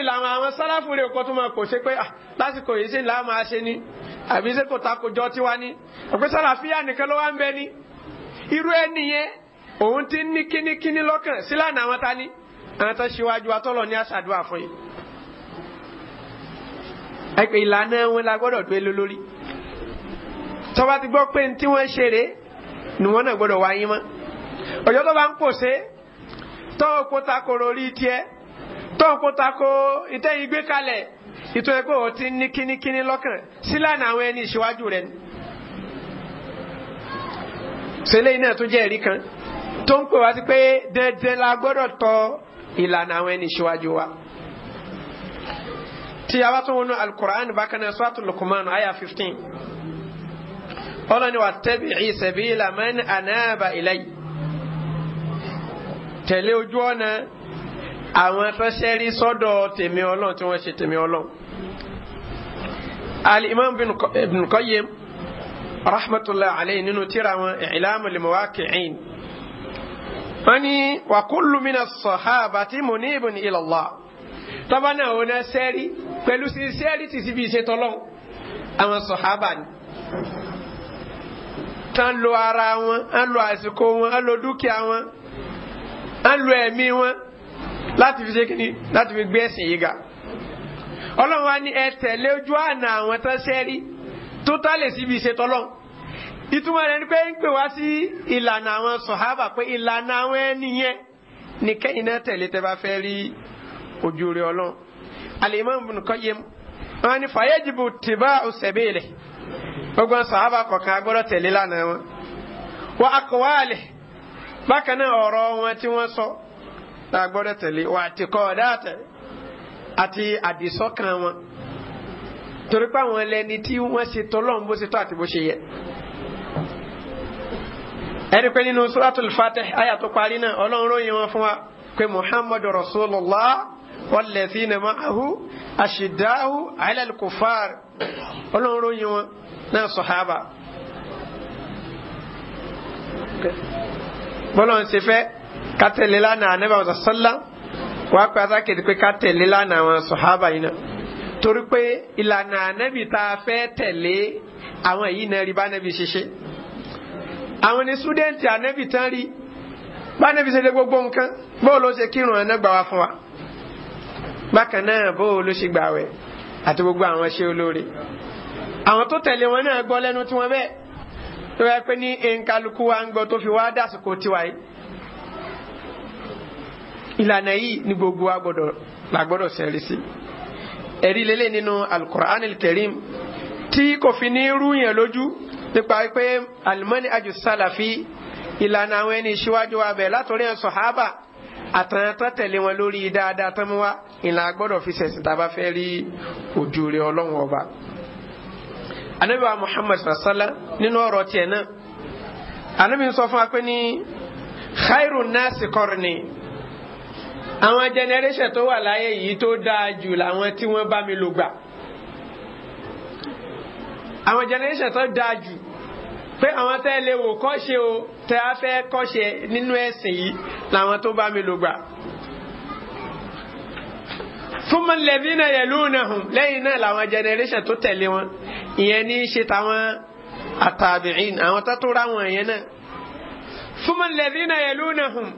ìlànà àwọn sáláfù tó máa ṣe pé ah, lásìkò yìí ṣe ni àbí ṣe kò tiwa ni nìkan ló wá ni irú ẹni yẹn ti ní kínníkínní sílànà ta ni àwọn tó ṣíwájú atọ́lọ̀ ní àṣàdúrà fún yìí ẹ̀pẹ̀ ìlànà wọn la gbọ́dọ̀ dúró lé lórí tọ́ba ti gbọ́ pé tí wọ́n ṣeré ni wọ́n náà gbọ́dọ̀ wáyé mọ́ ọ̀yọ́ tó bá ń pòṣe tọ́wọ́ kó tako orí tiẹ̀ tọ́wọ́ kó tako ìtẹ́yìn gbé kalẹ̀ ìtọ́ ẹgbẹ́ ò ti ní kínníkínní lọ́kàn sílànà àwọn ẹni ìṣíwájú rẹ̀ ni ṣẹlẹ̀ iná tó jẹ́ ẹ̀rí kan tó ń pè wá sí pé dandan la gbọ́dọ̀ tọ́ ìlànà àwọn ẹni ṣíwájú wa tí a bá tún wọnú alukur'an bákan náà sọ́tù lukuman aya fifteen ọlọ́ni wa tabi'i sabila man anaba ilay Tele ojú ọ̀nà àwọn tó ṣẹ́rí sọ́dọ̀ tèmi ọlọ́run tí wọ́n ṣe tèmi ọlọ́run al-imam bin ibn qayyim rahmatullahi alayhi nínú tírà wọn i'lamul muwaqqi'in wọ́n ní wa kullu mina sahabati munibun ila Allah tọ́ba náà wọn náà sẹ́rí pẹ̀lú sí sẹ́rí ti síbi ìṣe tọ́lọ́ àwọn sọ̀hábà ni. tán lo ara wọn án lo àsìkò wọn án lo dúkìá wọn án lo ẹ̀mí wọn láti fi ṣe kíni láti fi gbé ẹ̀sìn yìí ga. wa ní ẹ tẹ̀lé ojú àná àwọn tán sẹ́rí tó tá lè síbi ìṣe ìtumọ̀ rẹ̀ ni pé ń pè wá sí ìlànà àwọn sọ̀hábà pé ìlànà àwọn ẹni ni kẹ́yìn náà tẹ̀lé tẹ́ bá fẹ́ rí ojú rẹ̀ ọlọ́run ni fàyẹ́jìbù tìbá òsèbèlè gbogbo sọ̀hábà kọ̀ọ̀kan agbọ́dọ̀ tẹ̀lé lánàá wọn wa aqwalihi bákan náà ọ̀rọ̀ wọn tí wọ́n sọ agbọ́dọ̀ tẹ̀lé wa wọn ẹ̀rí pé nínú suratul fatih àyà tó parí náà ọlọ́run ròyìn wọn fún wa pé muhammadu rasulullah wallazina ma'ahu ashidda'u 'ala al-kuffar ọlọ́run ròyìn wọn náà sọ̀hábà bọ́lọ́n ṣe fẹ́ ká tẹ̀lé lánàá ànábì àwọn sọ́lá wàá pé asákèdè pé ká tẹ̀lé lánàá àwọn sọ̀hábà yìí náà torí pé ìlànà ànábì tá a fẹ́ tẹ̀lé àwọn èyí náà rí bá ànábì ṣe ṣe àwọn ni súdẹ́ǹtì ànẹ́bì tán rí bánẹ́bì ṣe lé gbogbo nǹkan bó ló ṣe kírun ẹ̀ náà gbà wá fún wa bákan náà bó ló ṣe gbà wẹ̀ àti gbogbo àwọn ṣe olóore àwọn tó tẹ̀lé wọn náà gbọ́ lẹ́nu tí wọ́n bẹ́ẹ̀ tó yẹ pé ní nkaluku wa ń gbọ́ tó fi wá dàsìkò tiwa yìí ìlànà yìí ni gbogbo wa gbọ́dọ̀ la gbọ́dọ̀ sẹ́rí sí ẹ̀rí lélẹ̀ nínú alukur'an kẹrim tí kò fi ní rú yẹn lójú nípa pé alimani aju salafi ìlànà àwọn ẹni ìṣíwájú wa bẹ̀ látòrí ẹ̀ sọ̀hábà àtàn tán tẹ̀lé wọn lórí dáadáa tán mú wa ìlànà gbọ́dọ̀ fi ṣẹ̀sìn tá a bá fẹ́ rí ojú rẹ ọlọ́run ọba. anabi wa muhammad sallá nínú ọ̀rọ̀ tiẹ̀ náà anabi sọ fún wa pé ní khairu nasi kọrini àwọn generation tó wà láyé yìí tó dáa jù làwọn tí wọ́n bá mi lò gbà àwọn generation tó dáa jù pé àwọn tẹ́ lè wò kọ́ṣe o tẹ́ a fẹ́ kọ́ṣe nínú ẹ̀sìn yìí làwọn tó bá mi lò gbà. thumma alladhina yalunahum lẹ́yìn náà làwọn generation tó tẹ̀lé wọn ìyẹn ní í ṣe táwọn àtàbíìn àwọn tó tó wọn yẹn náà. thumma alladhina yalunahum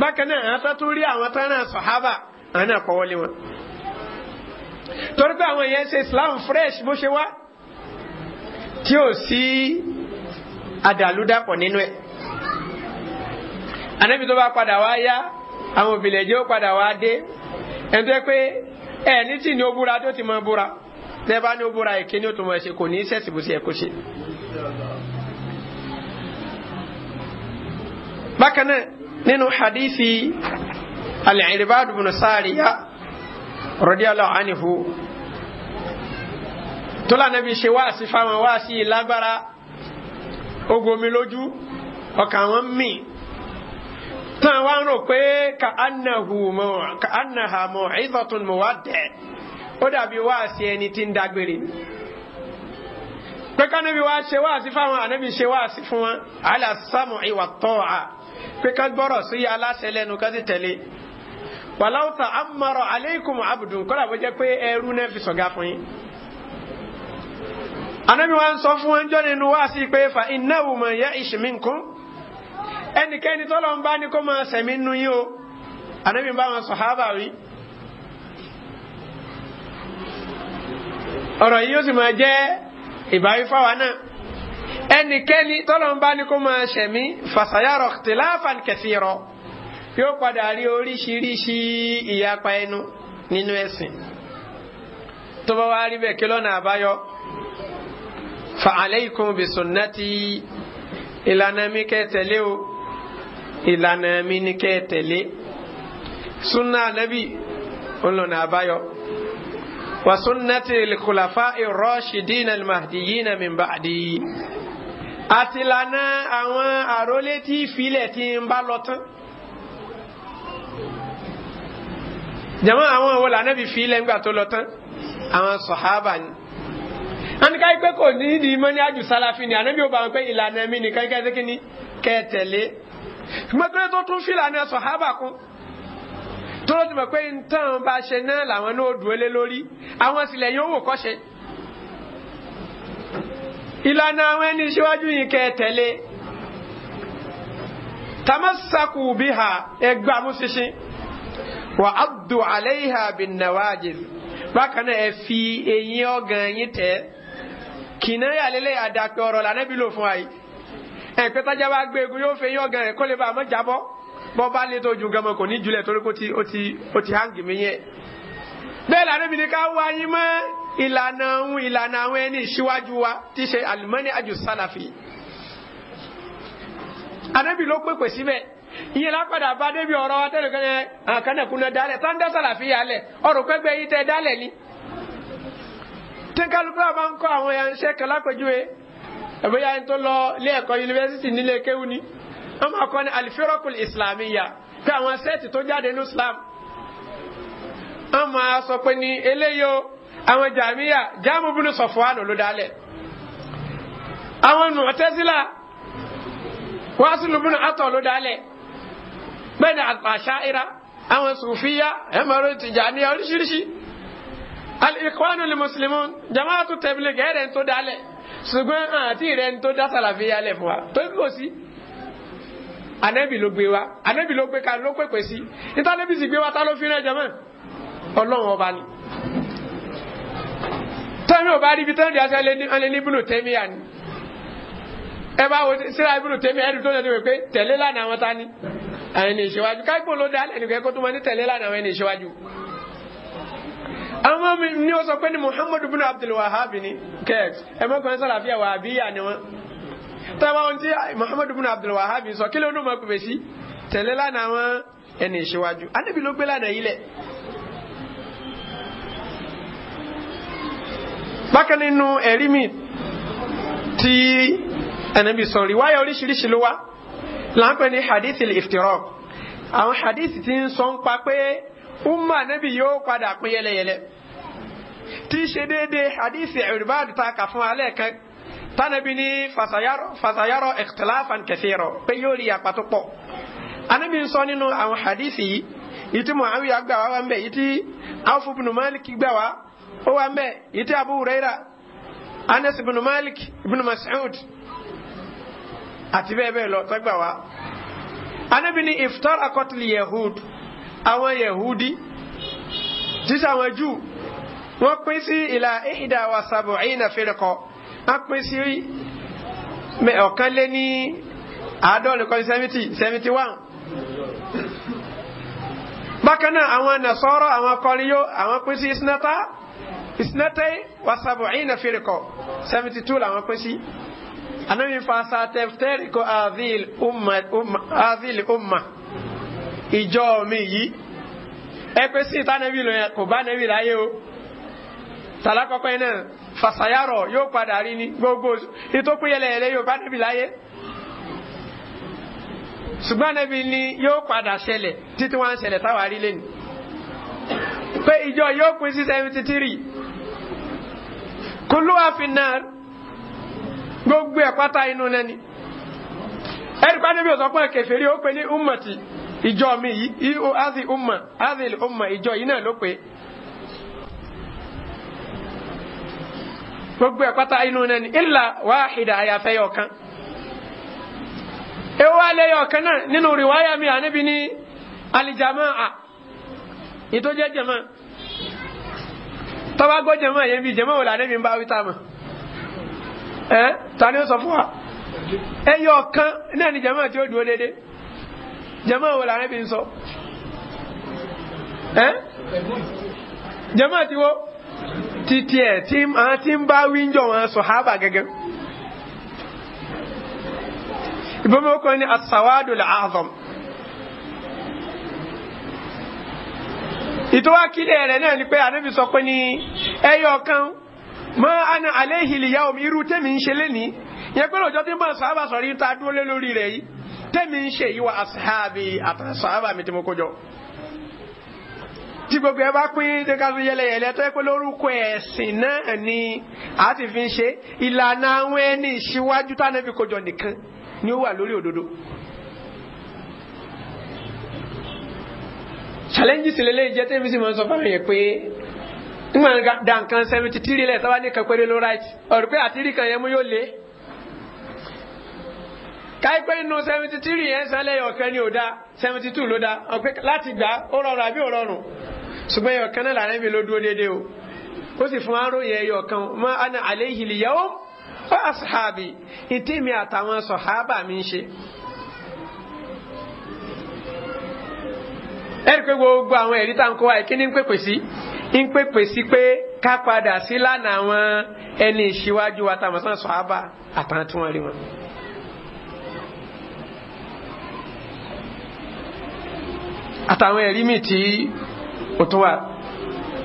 bákan náà àwọn tó tó rí àwọn tó ràn sàhábà àwọn náà kọ́wọ́lé wọn. torí pé àwọn yẹn ṣe Islam fresh bó ṣe wá tí ò sí àdàlúdàpọ̀ nínú ẹ̀ anabi tó bá padà wá yá àwọn òbílẹ̀jẹ́ ó padà wá dé ẹni tó yẹ pé ẹ ní tí ni ó búra tó ti mọ búra tẹ́ bá ní ó búra èké ni ó tó kò ní í sẹ̀sì bó ṣe yẹ ṣe. bákan náà nínú hadithi al-Irbad bin Sariya radiyallahu anhu tọ́lá nàbí ṣe wáàsí fáwọn wáàsí lágbára ogomi lójú ọkàn wọn mì tán wá ń rò pé ka annaha maw'izatun muwaddi' ó dàbí wáàsí ẹni tí ń dágbére pé kánábi wá ṣe wáàsí fáwọn ànábi ṣe wáàsí fún wọn ala sam'i wa ta'a pé ká gbọ́rọ̀ sí aláṣẹ lẹ́nu ká sì tẹ̀lé walau ta'ammara alaykum abdun kọ́lá bó jẹ́ pé ẹrú náà fi sọ̀gá fún yín anabi wa ń sọ fún wọn jọ nínú wá sí pé fa innahu man ya'ish minkum ẹnikẹ́ni tọ́lọ̀ ń bá ní kó máa sẹ̀mí nú yín o anabi bá wọn sàhábà wí. ọ̀rọ̀ yìí yóò sì máa jẹ́ ìbáwí fáwa náà ẹnikẹ́ni tọ́lọ̀ ń bá ni kó máa sẹ̀mí fasayara ikhtilafan kathira yóò padà rí oríṣiríṣi ìyapa ẹnu nínú ẹ̀sìn tó bá wá rí bẹ́ẹ̀ kí lọ́nà àbáyọ fa aleikum bi sunnati ìlànà mi kẹ́ tẹ̀lé o ìlànà mi ni kẹ́ tẹ̀lé sunna anabi ọlọ́nà àbáyọ wa sunnati likulafa irashidina almahdiyina min ba'di àti ìlànà àwọn àrólé tí filẹ̀ tí ń bá lọ tán. jama àwọn wo lànà bí filẹ̀ ń gbà tó lọ tán àwọn sọ̀hábà ni ani ipe kò ní ní mọ́ni àjù sálàfin ni ànábi ò bá wọn pé ìlànà mi nìkan kẹ́ ẹ́ kí ni kẹ́ ẹ tẹ̀lé mọ́tòlẹ́ tó tún fìlànà sọ̀hábà kún tóró ti mọ̀ pé ntàn bá ṣe náà làwọn náà dùn lé lórí àwọn sílẹ̀ yóò wò kọ́ṣe. ìlànà àwọn ẹni síwájú yìí kẹ́ ẹ tẹ̀lé tamasaku biha ẹgbàá mú ṣinṣin wà á dùn àlẹ́ bákan náà ẹ eyín ọ̀gàn yín tẹ̀ kìnnáyà lélẹ̀ àdàpẹ̀ ọ̀rọ̀ lànàbí lò fún wa yìí ẹ̀pẹ́ tájà bá gbé egun yóò fẹ́ yín ọ̀gàn rẹ̀ kó lè bá àmọ́ jábọ́ bọ́ bá lè tó ju gan mọ́ kò ní julẹ̀ torí kó ti ó ti ó ti hàn gìmí yẹn. bẹ́ẹ̀ lànàbí ni ká wá yín mọ́ ìlànà ohun ìlànà àwọn ẹni ìṣíwájú wa ti ṣe àlùmọ́nì àjù sálàfì. ànàbí ló pèpè síbẹ̀ ìyẹn lápàdà bá débi ọ̀rọ̀ wa tẹ́lẹ̀ kẹ́lẹ́ àkànnẹ̀kùnà ni tẹ́kálukú àbá ń kọ́ àwọn yanṣẹ́ kalápẹ̀júwe ẹ̀bóyá ẹni tó lọ ilé ẹ̀kọ́ yunifásitì nílé kéwú ni wọ́n máa kọ́ ní alifirakul islamiyya pé àwọn sẹ́ẹ̀tì tó jáde ní islam wọ́n máa sọ pé ní eléyò àwọn jàmíyà jáàmù bínú sọ̀fọ́ánù ló dálẹ̀ àwọn mọ̀tẹ́sílà wàásùlù bínú atọ̀ ló dálẹ̀ bẹ́ẹ̀ ni àṣà ìra àwọn sùfíyà ẹ̀mọ́rò tìjàníyà oríṣiríṣi al-ikhwanul muslimun jamaatu tabligh ẹ̀rẹ̀ ń tó dálẹ̀ ṣùgbọ́n àti rẹ̀ ń tó dá sàlàfíà lẹ̀ fún wa tó kò sí anabi ló gbé wa anabi ló gbé ka ló pèpè sí níta anabi sì gbé wa ta ló fi rẹ̀ jẹ́mọ́ ọlọ́run ọba ni tẹ́mi ò bá rí ibi tẹ́mi di aṣọ ẹlẹ́ni ní ibùdó ẹ bá wo síra ibùdó tẹ́mi ẹ̀rí tó yẹ pé tẹ̀lé lánàá wọn ta ni ẹni ìṣèwájú kágbó ló dá ẹnì kẹ́kọ́ tó máa ní tẹ̀lé lánàá àwọn ẹni ìṣèwájú àwọn mi ní o sọ pé ni muhammadu bin abdul wahab ni kex ẹ mọ kàn sàlàfíà wàhábíyà ni wọn tábà wọn ti muhammadu bin abdul wahab sọ kí ló ní o máa pèpè sí tẹ̀lé lánàá wọn ẹni ìṣíwájú anábì ló gbé lánàá yìí lẹ̀. bákan nínú ẹ̀rí mi tí ẹnìbí sọ rìwáyà oríṣiríṣi ló wá láǹpẹ̀ ní hadith iftiraq àwọn hadith ti ń sọ ń pa pé umma anabi yóò padà pín yẹlẹyẹlẹ tí í ṣe déédéé hadithi Irbad ta kà fún alẹ́ kan tánàbí ní fasayarọ fasayarọ ikhtilafan kathira pé yóò rí apàtó pọ̀ anabi ń sọ nínú àwọn hadithi yìí ìtí Muawiya gbà wá wá ń bẹ̀ ìtí Awfu ibn Malik gbà wá ó wá ń bẹ̀ ìtí Abu Huraira Anas ibn Malik ibn Mas'ud àti bẹ́ẹ̀ bẹ́ẹ̀ lọ tó gbà wá anabi ní iftar akọtìlì yehud àwọn yehudi títí àwọn Júù wọ́n pín sí ìlà ìhìdá wa sàbò ìyìnà fèrèkọ wọ́n pín sí ọ̀kan lé ní àádọ́rin kọ́ni seventy seventy one bákan náà àwọn nasọ́rọ̀ àwọn kọ́riyó àwọn pín sí isnata isnatai wa sàbò ìyìnà fèrèkọ seventy two làwọn pín sí anabi fasa tefteriko adhil umma umma adhil umma ìjọ mi yìí ẹ pé sí ìtànẹ́bí lóyún kò bá nẹ́bí láyé o tàlá kọ́kọ́ yẹn náà fàṣàyàrọ̀ yóò padà rí ni gbogbo ìtòkúyẹlẹ̀yẹlẹ yóò bá níbi láyé ṣùgbọ́n níbi ni yóò padà ṣẹlẹ̀ títí wọ́n ń ṣẹlẹ̀ táwa rí lẹ́nu pé ìjọ yóò pín sí seventy three kúlú àfinnáà gbogbo ẹ̀ pátá inú lẹ́ni ẹ̀rí pa níbi òsọ́pọ̀ kèfèrí ó pè ní ummati ìjọ mi yìí azi umma azi umma ìjọ yìí náà ló pè gbogbo ẹ̀ pátá inú náà ni ìlà wáhìdà àyàfẹ́ yọ̀ kan ewu alẹ́ yọ̀ kan náà nínú rìwáyà mi ànábi ní alìjàmáà ìtọ́jẹ́ jẹ̀mọ́ tọ́ba gbọ́ jẹ̀mọ́ yẹn bí jẹ̀mọ́ wò lànàbi ń bá wíta mọ́ ẹ́ tani ó sọ fún wa ẹyọ kan náà ni jẹ̀mọ́ tí ó dúró déédéé jẹ̀mọ́ wò lànàbi ń sọ ẹ́ jẹ̀mọ́ ti wo. titiɛ ti maa ti ba windo wa so ha ba gɛgɛ. Ibomi o kɔni asawadu la aazɔm. Itowa kile yɛrɛ ne ni pe ale ni ɛyɔ ma ana ale hili ya o mi iru tɛmi n sele ni n yɛ kpɛlɛ o jɔ ti ma ta dole lori rɛ yi tɛmi n se yi wa asahabi a ta sɔ tí gbogbo ẹ bá pín dekazu yẹlẹyẹlẹ tó yẹ pé lórúkọ ẹ̀sìn náà ni a ti fi ń ṣe ìlànà àwọn ẹni ìṣíwájú tánàbí kojọ nìkan ni ó wà lórí òdodo. challenge sì lélẹ́yìn jẹ́ tẹ́lifí sì máa ń sọ fáwọn yẹn pé nígbà dànkan seventy three lẹ̀ sábà ní kan péré right ọ̀rùpẹ́ àtìrí kan yẹn mú yóò lé káyipẹ́ inú seventy three yẹn san lẹ́yìn ọ̀kan ni ò da seventy two ló da ọ̀pẹ láti gbà ó rọrùn àbí ò rọrùn ṣùgbọ́n ẹ̀yọ̀ kan náà làárẹ̀ mi ló dúró déédéé o ó sì fún aró yẹn ẹ̀yọ̀ mọ́ ana alayhi liyawm wa ashabi ìtí mi àtàwọn sọ̀hábà mi ń ṣe. ẹ̀rí pé gbogbo àwọn ẹ̀rí tá à ń kó wa kí ni ń pèpè sí ń pèpè sí pé ká padà sí lánàá àwọn ẹni ìṣíwájú wa tàwọn sọ̀hábà àtàwọn tí wọ́n rí wọn. àtàwọn ẹ̀rí mi tí ó tún wà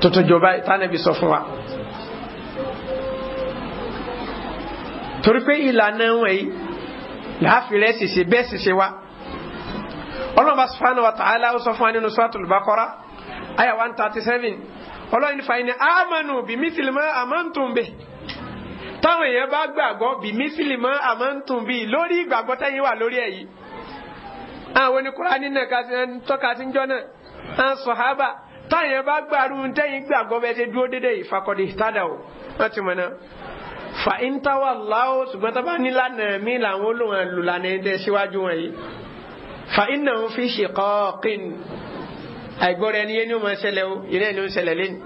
tuntun jọba tánàbí sọ fún wa torí pé ìlànà wọ̀nyí láàfin rẹ̀ ṣiṣẹ́ bẹ́ẹ̀ ṣiṣẹ́ wa ọlọ́mọba subhanahu wa ta'ala ó sọ fún wa nínú suratul baqara aya one thirty seven ọlọ́run ní fàyín ní amanu bí mísìlìmọ́ àmọ́ntùnbẹ̀ táwọn èèyàn bá gbàgbọ́ bí mísìlìmọ́ àmọ́ntùnbẹ̀ lórí ìgbàgbọ́ tẹ́yìn wà lórí èyí àwọn ah, oníkúránì náà kàtí ń tọ́ka sí njọ́ náà àwọn ah, sọ̀hábà táyà bá gbàrú ntẹ́yìn gbàgbọ́ bẹ́ẹ̀ ṣe dúró dédé ìfakọ̀dé tádà o wọ́n ti mọ̀ náà fa intawa lawo ṣùgbọ́n tó la nílànà mí làwọn lula lùlànà ẹ̀dẹ́ síwájú wọn yìí fa iná ń fi ṣe kọ́ọ̀kìn àìgbọ́ra ẹni yẹn ni ó máa ṣẹlẹ̀ o ìrẹ́ ni ó ń ṣẹlẹ̀ lẹ́nu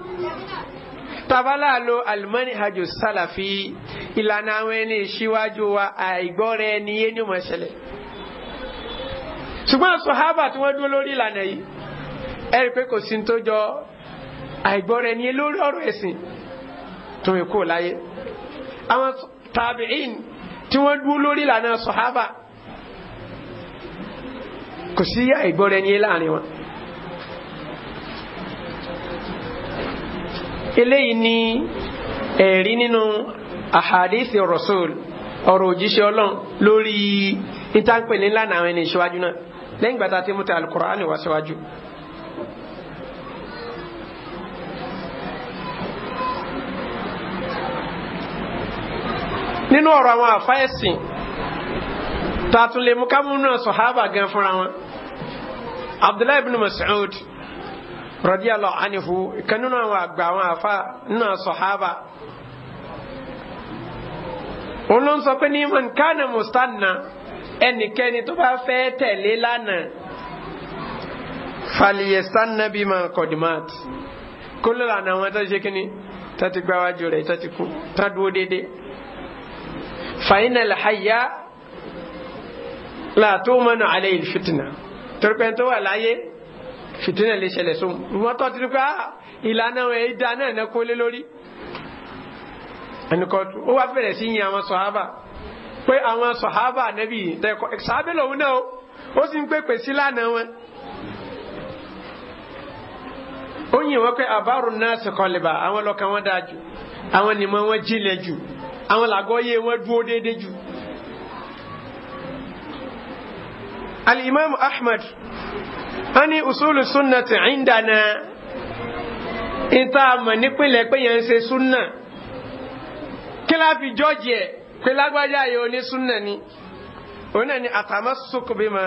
tabala lo alimani hajj salafi ìlànà àwọn ẹni wa àìgbọ́ra ẹni yẹn ni ó máa ṣẹlẹ̀ ṣùgbọ́n sọ̀hábà tí wọ́n dúró lórí ìlànà yìí ẹ rí i pé kò sí tó jọ àìgbọ́ra ẹni lórí ọ̀rọ̀ ẹ̀sìn tó ń kó láyé àwọn tàbíìn tí wọ́n dúró lórí ìlànà sọ̀hábà kò sí àìgbọ́ra ẹni láàrin wọn. eléyìí ni ẹ̀rí nínú àhàdíìsì Rasul ọ̀rọ̀ òjíṣẹ́ Ọlọ́run lórí ìtànpẹ̀ nílànà àwọn ẹni ìṣíwájú náà lẹ́yìn gbàtà tí mo tẹ alukur'ani wá síwájú. nínú ọ̀rọ̀ àwọn àfáyẹ̀sìn tààtún lè mú kámúnú sọ̀hábà gan fúnra wọn abdullahi ibn mas'ud radiyallahu anhu ìkan nínú àwọn àgbà àwọn àfa nínú sọ̀hábà òun ló ń sọ pé ní man kana mustanna ẹnikẹ́ni tó bá fẹ́ tẹ̀lé lánàá fàlìyẹsán nàbí máa kọ̀dùmáàt kó ló lànà àwọn tó ṣe kínní tó ti gbáwájú rẹ̀ tó ti kú tó dúró déédéé fàyínà làhàyà làtó mọ́nà alẹ́ yìí fìtìnà torí pé tó wà láyé fìtìnà lè ṣẹlẹ̀ sóun wọ́n tọ́ ti dúpẹ́ ah, ìlànà ẹ̀ ìdá náà náà kólé lórí ẹnikọ́ ó wá bẹ̀rẹ̀ sí yin àwọn sọ̀hábà. pé àwọn sọ̀hábà ànábì tẹ̀kọ́ sàábẹ́ lòun náà ó sì ń pèpè sí lánàá wọn. ó yìn wọ́n pé àbárò náà sọ̀kọ̀lẹ̀bà àwọn lọ́kàn wọn dáa jù àwọn nìmọ̀ wọn jinlẹ̀ jù àwọn wọn dúró jù. usulu sunnati indana ìta àmọ̀ pé yẹn sunna pé lágbájá yìí onísúnà ni òun náà ni àtàmásùkù bí ma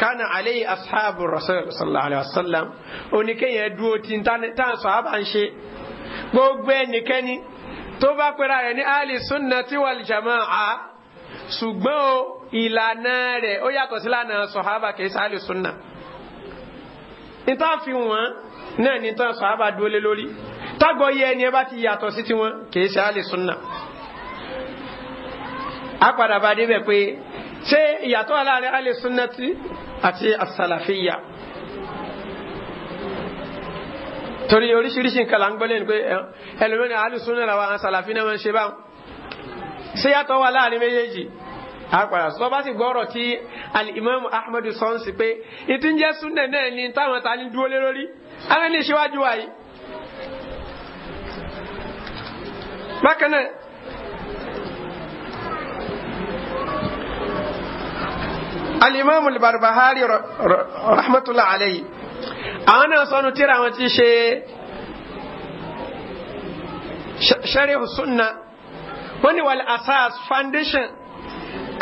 kana aleyhi ashabu rasul sallallahu alayhi wa sallam oníkéyàn dúró tí táwọn sọ̀hábà ń ṣe gbogbo ẹnikẹ́ni tó bá pera rẹ̀ ní ali sunnati wal jama'a ṣùgbọ́n o ìlànà rẹ̀ ó yàtọ̀ sí lànà sọ̀hábà kìí sí ali sunna níta fi wọn náà níta sọ̀hábà dúró lé lórí tágbọ̀ yẹ ẹni ẹ bá ti yàtọ̀ sí tiwọn kìí sí ali sunna apàdà bá débẹ̀ pé ṣé ìyàtọ̀ aláàrẹ alẹ́ sunnati àti asàlàfíyà torí oríṣiríṣi nǹkan là ń gbọ́lẹ̀ ni pé ẹlòmíràn alẹ́ sunna làwọn asàlàfí náà máa ń ṣe báwọn ṣé yàtọ̀ wà láàrin méjèèjì apàdà sọ bá sì gbọ́rọ̀ tí alimami ahmadu sọ́nsì pé ìtí ń jẹ́ sunna ni táwọn ta ni dúró lé lórí ni ẹni ìṣíwájú wa yìí bákan náà. alimami al-Barbahari rahmatulah alayhi àwọn náà sọnù tíra àwọn ti ṣe sharihu sunna wọ́n ní wàlẹ asas foundation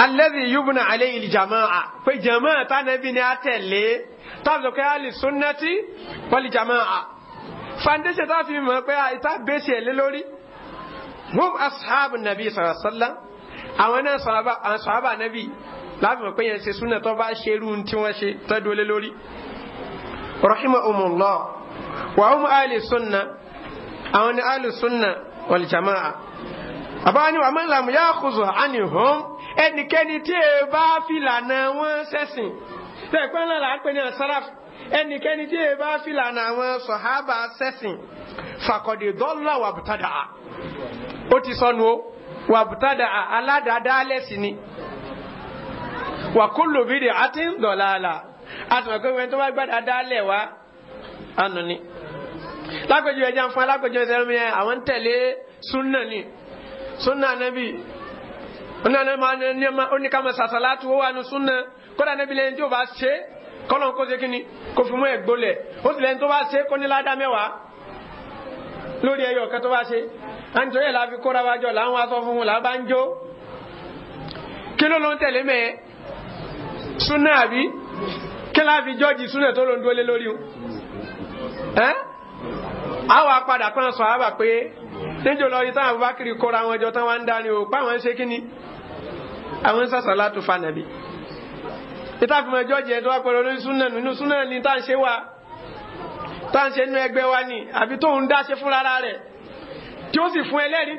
alladhi yubna alayhi al-jama'a pé jama'a tá nàbí ni a tẹ̀lé tábìlì pé ali sunnati wal jama'a foundation tá fi mọ̀ pé ìta bẹ́sì ẹ̀ lé lórí hum ashabu nabi sallallahu alaihi wasallam àwọn náà sọ̀rọ̀ àwọn sọ̀rọ̀ àbá nabi láti mọ̀ pé yẹn ṣe súnà tó bá ṣe irú tí wọ́n ṣe tó dúró lé lórí. rahimahumullah wa hum ahli sunna àwọn ni ahli sunna wal jamaa àbáni wàá máa ń làmú yáàkùzọ ànihàn ẹnikẹ́ni tí ẹ bá fìlànà wọn sẹ́sìn tẹ̀pẹ́ ńlá là ń pè ní asaraf ẹnikẹ́ni tí ẹ bá fìlànà wọn sọ̀hábà sẹ́sìn fàkọ̀dé dọ́là wà bùtàdà ó ti sọnù ó wà bùtàdà aládàáda lẹ́sìn ni wa kullu bid'atin dalala àtùmọ̀ pé wẹ́n tó anoni gbàdá dálẹ̀ wá ànú ni. lágbèjì ẹja fún alágbèjì ẹsẹ̀ mi yẹn àwọn ń tẹ̀lé súnà ni súnà nẹ́bí oníkàmọ̀ sàṣàlátù ó wà ní súnà kódà nẹ́bí lẹ́yìn tí ó bá ṣe kọ́lọ̀ kó ṣe kíni kó fi mú ẹ̀gbọ́lẹ̀ ó sì lẹ́yìn tó bá ṣe kó ní ládá mẹ́wàá lórí ẹyọ kan tó bá ṣe àǹtí ó yẹ láfi kóra wájọ làwọn aṣọ fún un làwọn bá ń jó kí ló ló ń tẹ̀lé mẹ́ẹ̀ súnà àbí kíláàfi jọ́ọ̀jì súnà tó ló ń dúólé lórí un àwọn apadà kan sọ àbà pé níjò lọ yìí táwọn Abubakar kóra wọn jọ táwọn ń dání o pa àwọn ń ṣe kíni àwọn ń sàṣà látò fa nàbí ìtàfimọ̀ jọ́ọ̀jì ẹ̀ tó wá pẹ̀lú olórí súnà nínú súnà ní tá à ń ṣe wà tá à ń ṣe nínú ẹgbẹ́ wa ni àbí tóun dá ṣe fúnra rẹ̀ tí ó sì fún ẹlẹ́rìí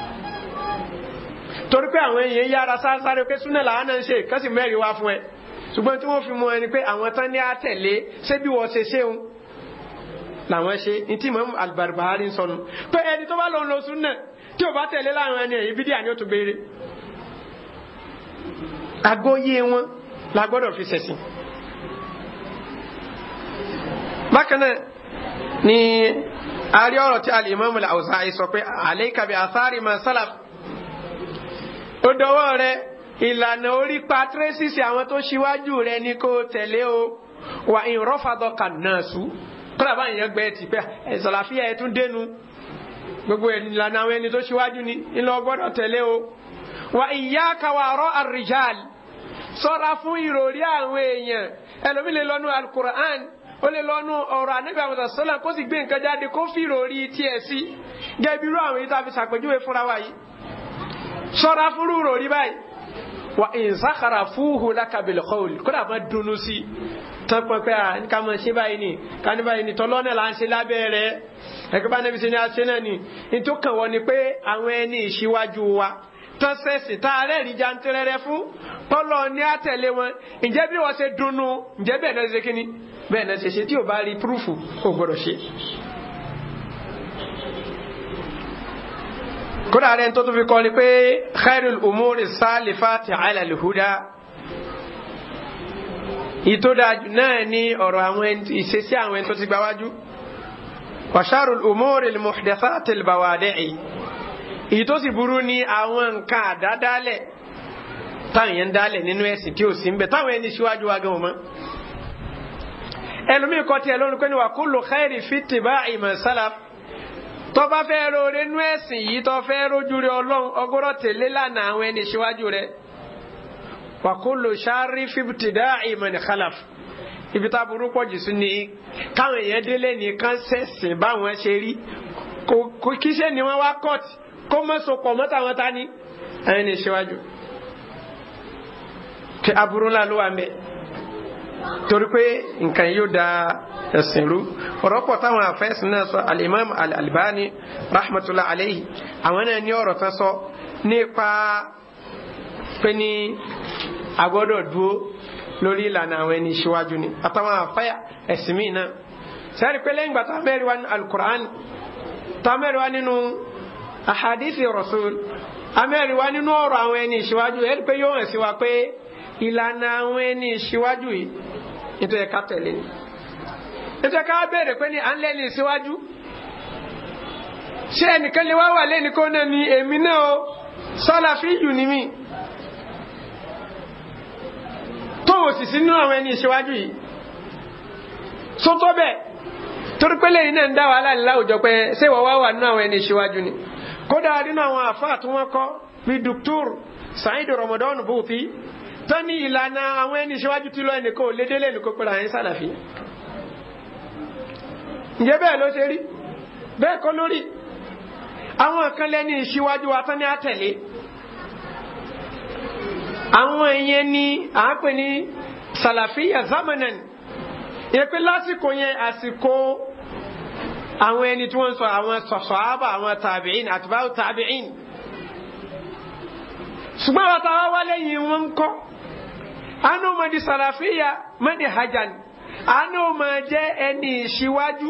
torí pé àwọn èèyàn yára sáré pé súnà làwọn náà ń ṣe kán sì mẹ́rin wá fún ẹ ṣùgbọ́n tí wọ́n fi mọ ẹni pé àwọn tán ní àtẹ̀lé ṣé bí wọ́n ṣe ṣéun làwọn ṣe ní tí mọ́mú Al-Barbahari ń sọnù pé ẹni tó bá lọ lọ súnà tí ò bá tẹ̀lé láwọn ẹni ẹ̀yìn bídíà ni ó tún gbére àgbọ́yé wọn la gbọ́dọ̀ fi ṣẹ̀sìn bákan náà ni a rí ọ̀rọ̀ tí Al-Imam al sọ pé alayka bi athari ma ó rẹ ìlànà orí pa àwọn tó ṣíwájú rẹ ni kó o tẹ̀lé o wà ìrọ́fàdọ̀ kànáàsù kọ́lá bá yẹn gbẹ ti pẹ́ ẹ̀sọ̀láfíà ẹ̀ tún dénú gbogbo ìlànà àwọn ẹni tó ṣíwájú ni ńlọ gbọ́dọ̀ tẹ̀lé o wà ìyá kàwárọ̀ àrìjáàlì sọ́ra fún ìròrí àwọn èèyàn ẹlòmí lè lọ́nu alukur'an ó lè lọ́nu ọ̀rọ̀ ànábì àwọn sọ́là kó sì gbé nǹkan jáde kó fìròrí tiẹ̀ sí gẹ́gẹ́ bí irú àwọn yìí tá a fi ṣàpèjúwe fúnra wa yìí sọ́ra fúru rò rí báyìí wa ìnsákàrà fúhu lákàbìlì kọ́ọ̀lì kódà máa dunu sí i tán pẹpẹ à ní ká máa ṣe báyìí ni ká ní báyìí ni tọ́lọ́nà là ń ṣe lábẹ́ rẹ̀ ẹ̀kọ́ bá níbi ṣe ni a ṣe náà ni nítorí kàn wọ́n ni pé àwọn ẹni ìṣíwájú wa tán sẹ́sìn tá a rẹ́ẹ̀rí jantirẹrẹ fún tọ́lọ́ ní àtẹ̀lé wọn ǹjẹ́ bí wọ́n ṣe dunu ǹjẹ́ bẹ́ẹ̀ náà ṣe kíni bẹ́ẹ̀ náà ṣe ṣe tí ò bá rí púrúfù ò gbọ́dọ̀ ṣe. kódà rẹ̀ tó tún fi kọ́ ni pé khairul umuri salifati ala al-huda ìtòdájú náà ni ọ̀rọ̀ àwọn ìṣesí àwọn ẹni tó ti gbáwájú wa sharul umuri muhdasati al-bawadi'i èyí tó sì burú ni àwọn nǹkan àdádálẹ̀ táwọn yẹn ń dálẹ̀ nínú ẹ̀sìn tí ò sí ń bẹ wa gan mọ́ ẹlòmíì kọ́ tiẹ̀ wa kullu khairi fi ittiba'i salaf tó bá fẹ́ rore nú ẹ̀sìn yìí tó fẹ́ rojú rẹ ọlọ́run ọgọ́rọ̀ tẹ̀lé lánàá àwọn ẹni síwájú rẹ wa kullu sharri fi ibtida'i khalaf ibi tá a burú pọ̀ jù sí ni káwọn èèyàn délé nìkan ṣẹ̀sìn báwọn ṣe rí kò kíṣe ni wọ́n wá kọ́ọ̀tì kó mọ́ sopọ̀ mọ́ta wọn àwọn ẹni síwájú aburú ńlá ló wà mẹ́ẹ̀ torí pé nǹkan yóò da ẹ̀sìn rú ọ̀rọ̀ pọ̀ táwọn afẹ́sìn náà sọ alimam al-albani rahmatulah alayhi àwọn náà ní ọ̀rọ̀ tán sọ nípa pé ní agbọ́dọ̀ dúró lórí ìlànà àwọn ẹni ìṣíwájú ni àtàwọn afẹ́ ẹ̀sìn míì náà sẹ́ni pé lẹ́yìn gbàtà mẹ́rin wa ní alukur'an tá mẹ́rin wa nínú ahadisi rasul amẹ́rin wa nínú ọ̀rọ̀ àwọn ẹni ìṣíwájú ẹni pé yóò hàn sí wa pé ìlànà àwọn ẹni ìṣíwájú yìí nítorí ká tẹ̀lé ni nítorí ká béèrè pé ní à ń lẹ́ni síwájú ṣé ẹnìkan lè wá wà lẹ́ni kó náà ni èmi náà o sọ́láfí yù ni mí tóun sì sí nínú àwọn ẹni ìṣíwájú yìí sótó bẹ́ẹ̀ torí pé lẹ́yìn náà ń dá wàhálà ní láwùjọ pé ṣé wọ́n wá wà nínú àwọn ẹni ìṣíwájú ni kódà nínú àwọn àfáà tí wọ́n kọ́ bíi dùkúrù Sa'id Ramadan Buti tán ní ìlànà àwọn ẹni ṣíwájú tí lọ ẹnìkan ò lédélé ẹnìkan pẹ̀lú àyín sàlàfí ǹjẹ́ bẹ́ẹ̀ ló ṣe rí bẹ́ẹ̀ kọ́ lórí àwọn kan lẹ́ni ìṣíwájú wa tán ní àtẹ̀lé àwọn ìyẹn ni à ń pè ní sàlàfíyà zamanan ìyẹn pé lásìkò yẹn àsìkò àwọn ẹni tí wọ́n sọ àwọn sàhábà àwọn tàbíìn àtibáwò tàbíìn ṣùgbọ́n àwọn táwa wá lẹ́yìn wọn ń kọ́ anu ma di salafiya ma di hajani anu ma jẹ ẹni ìṣíwájú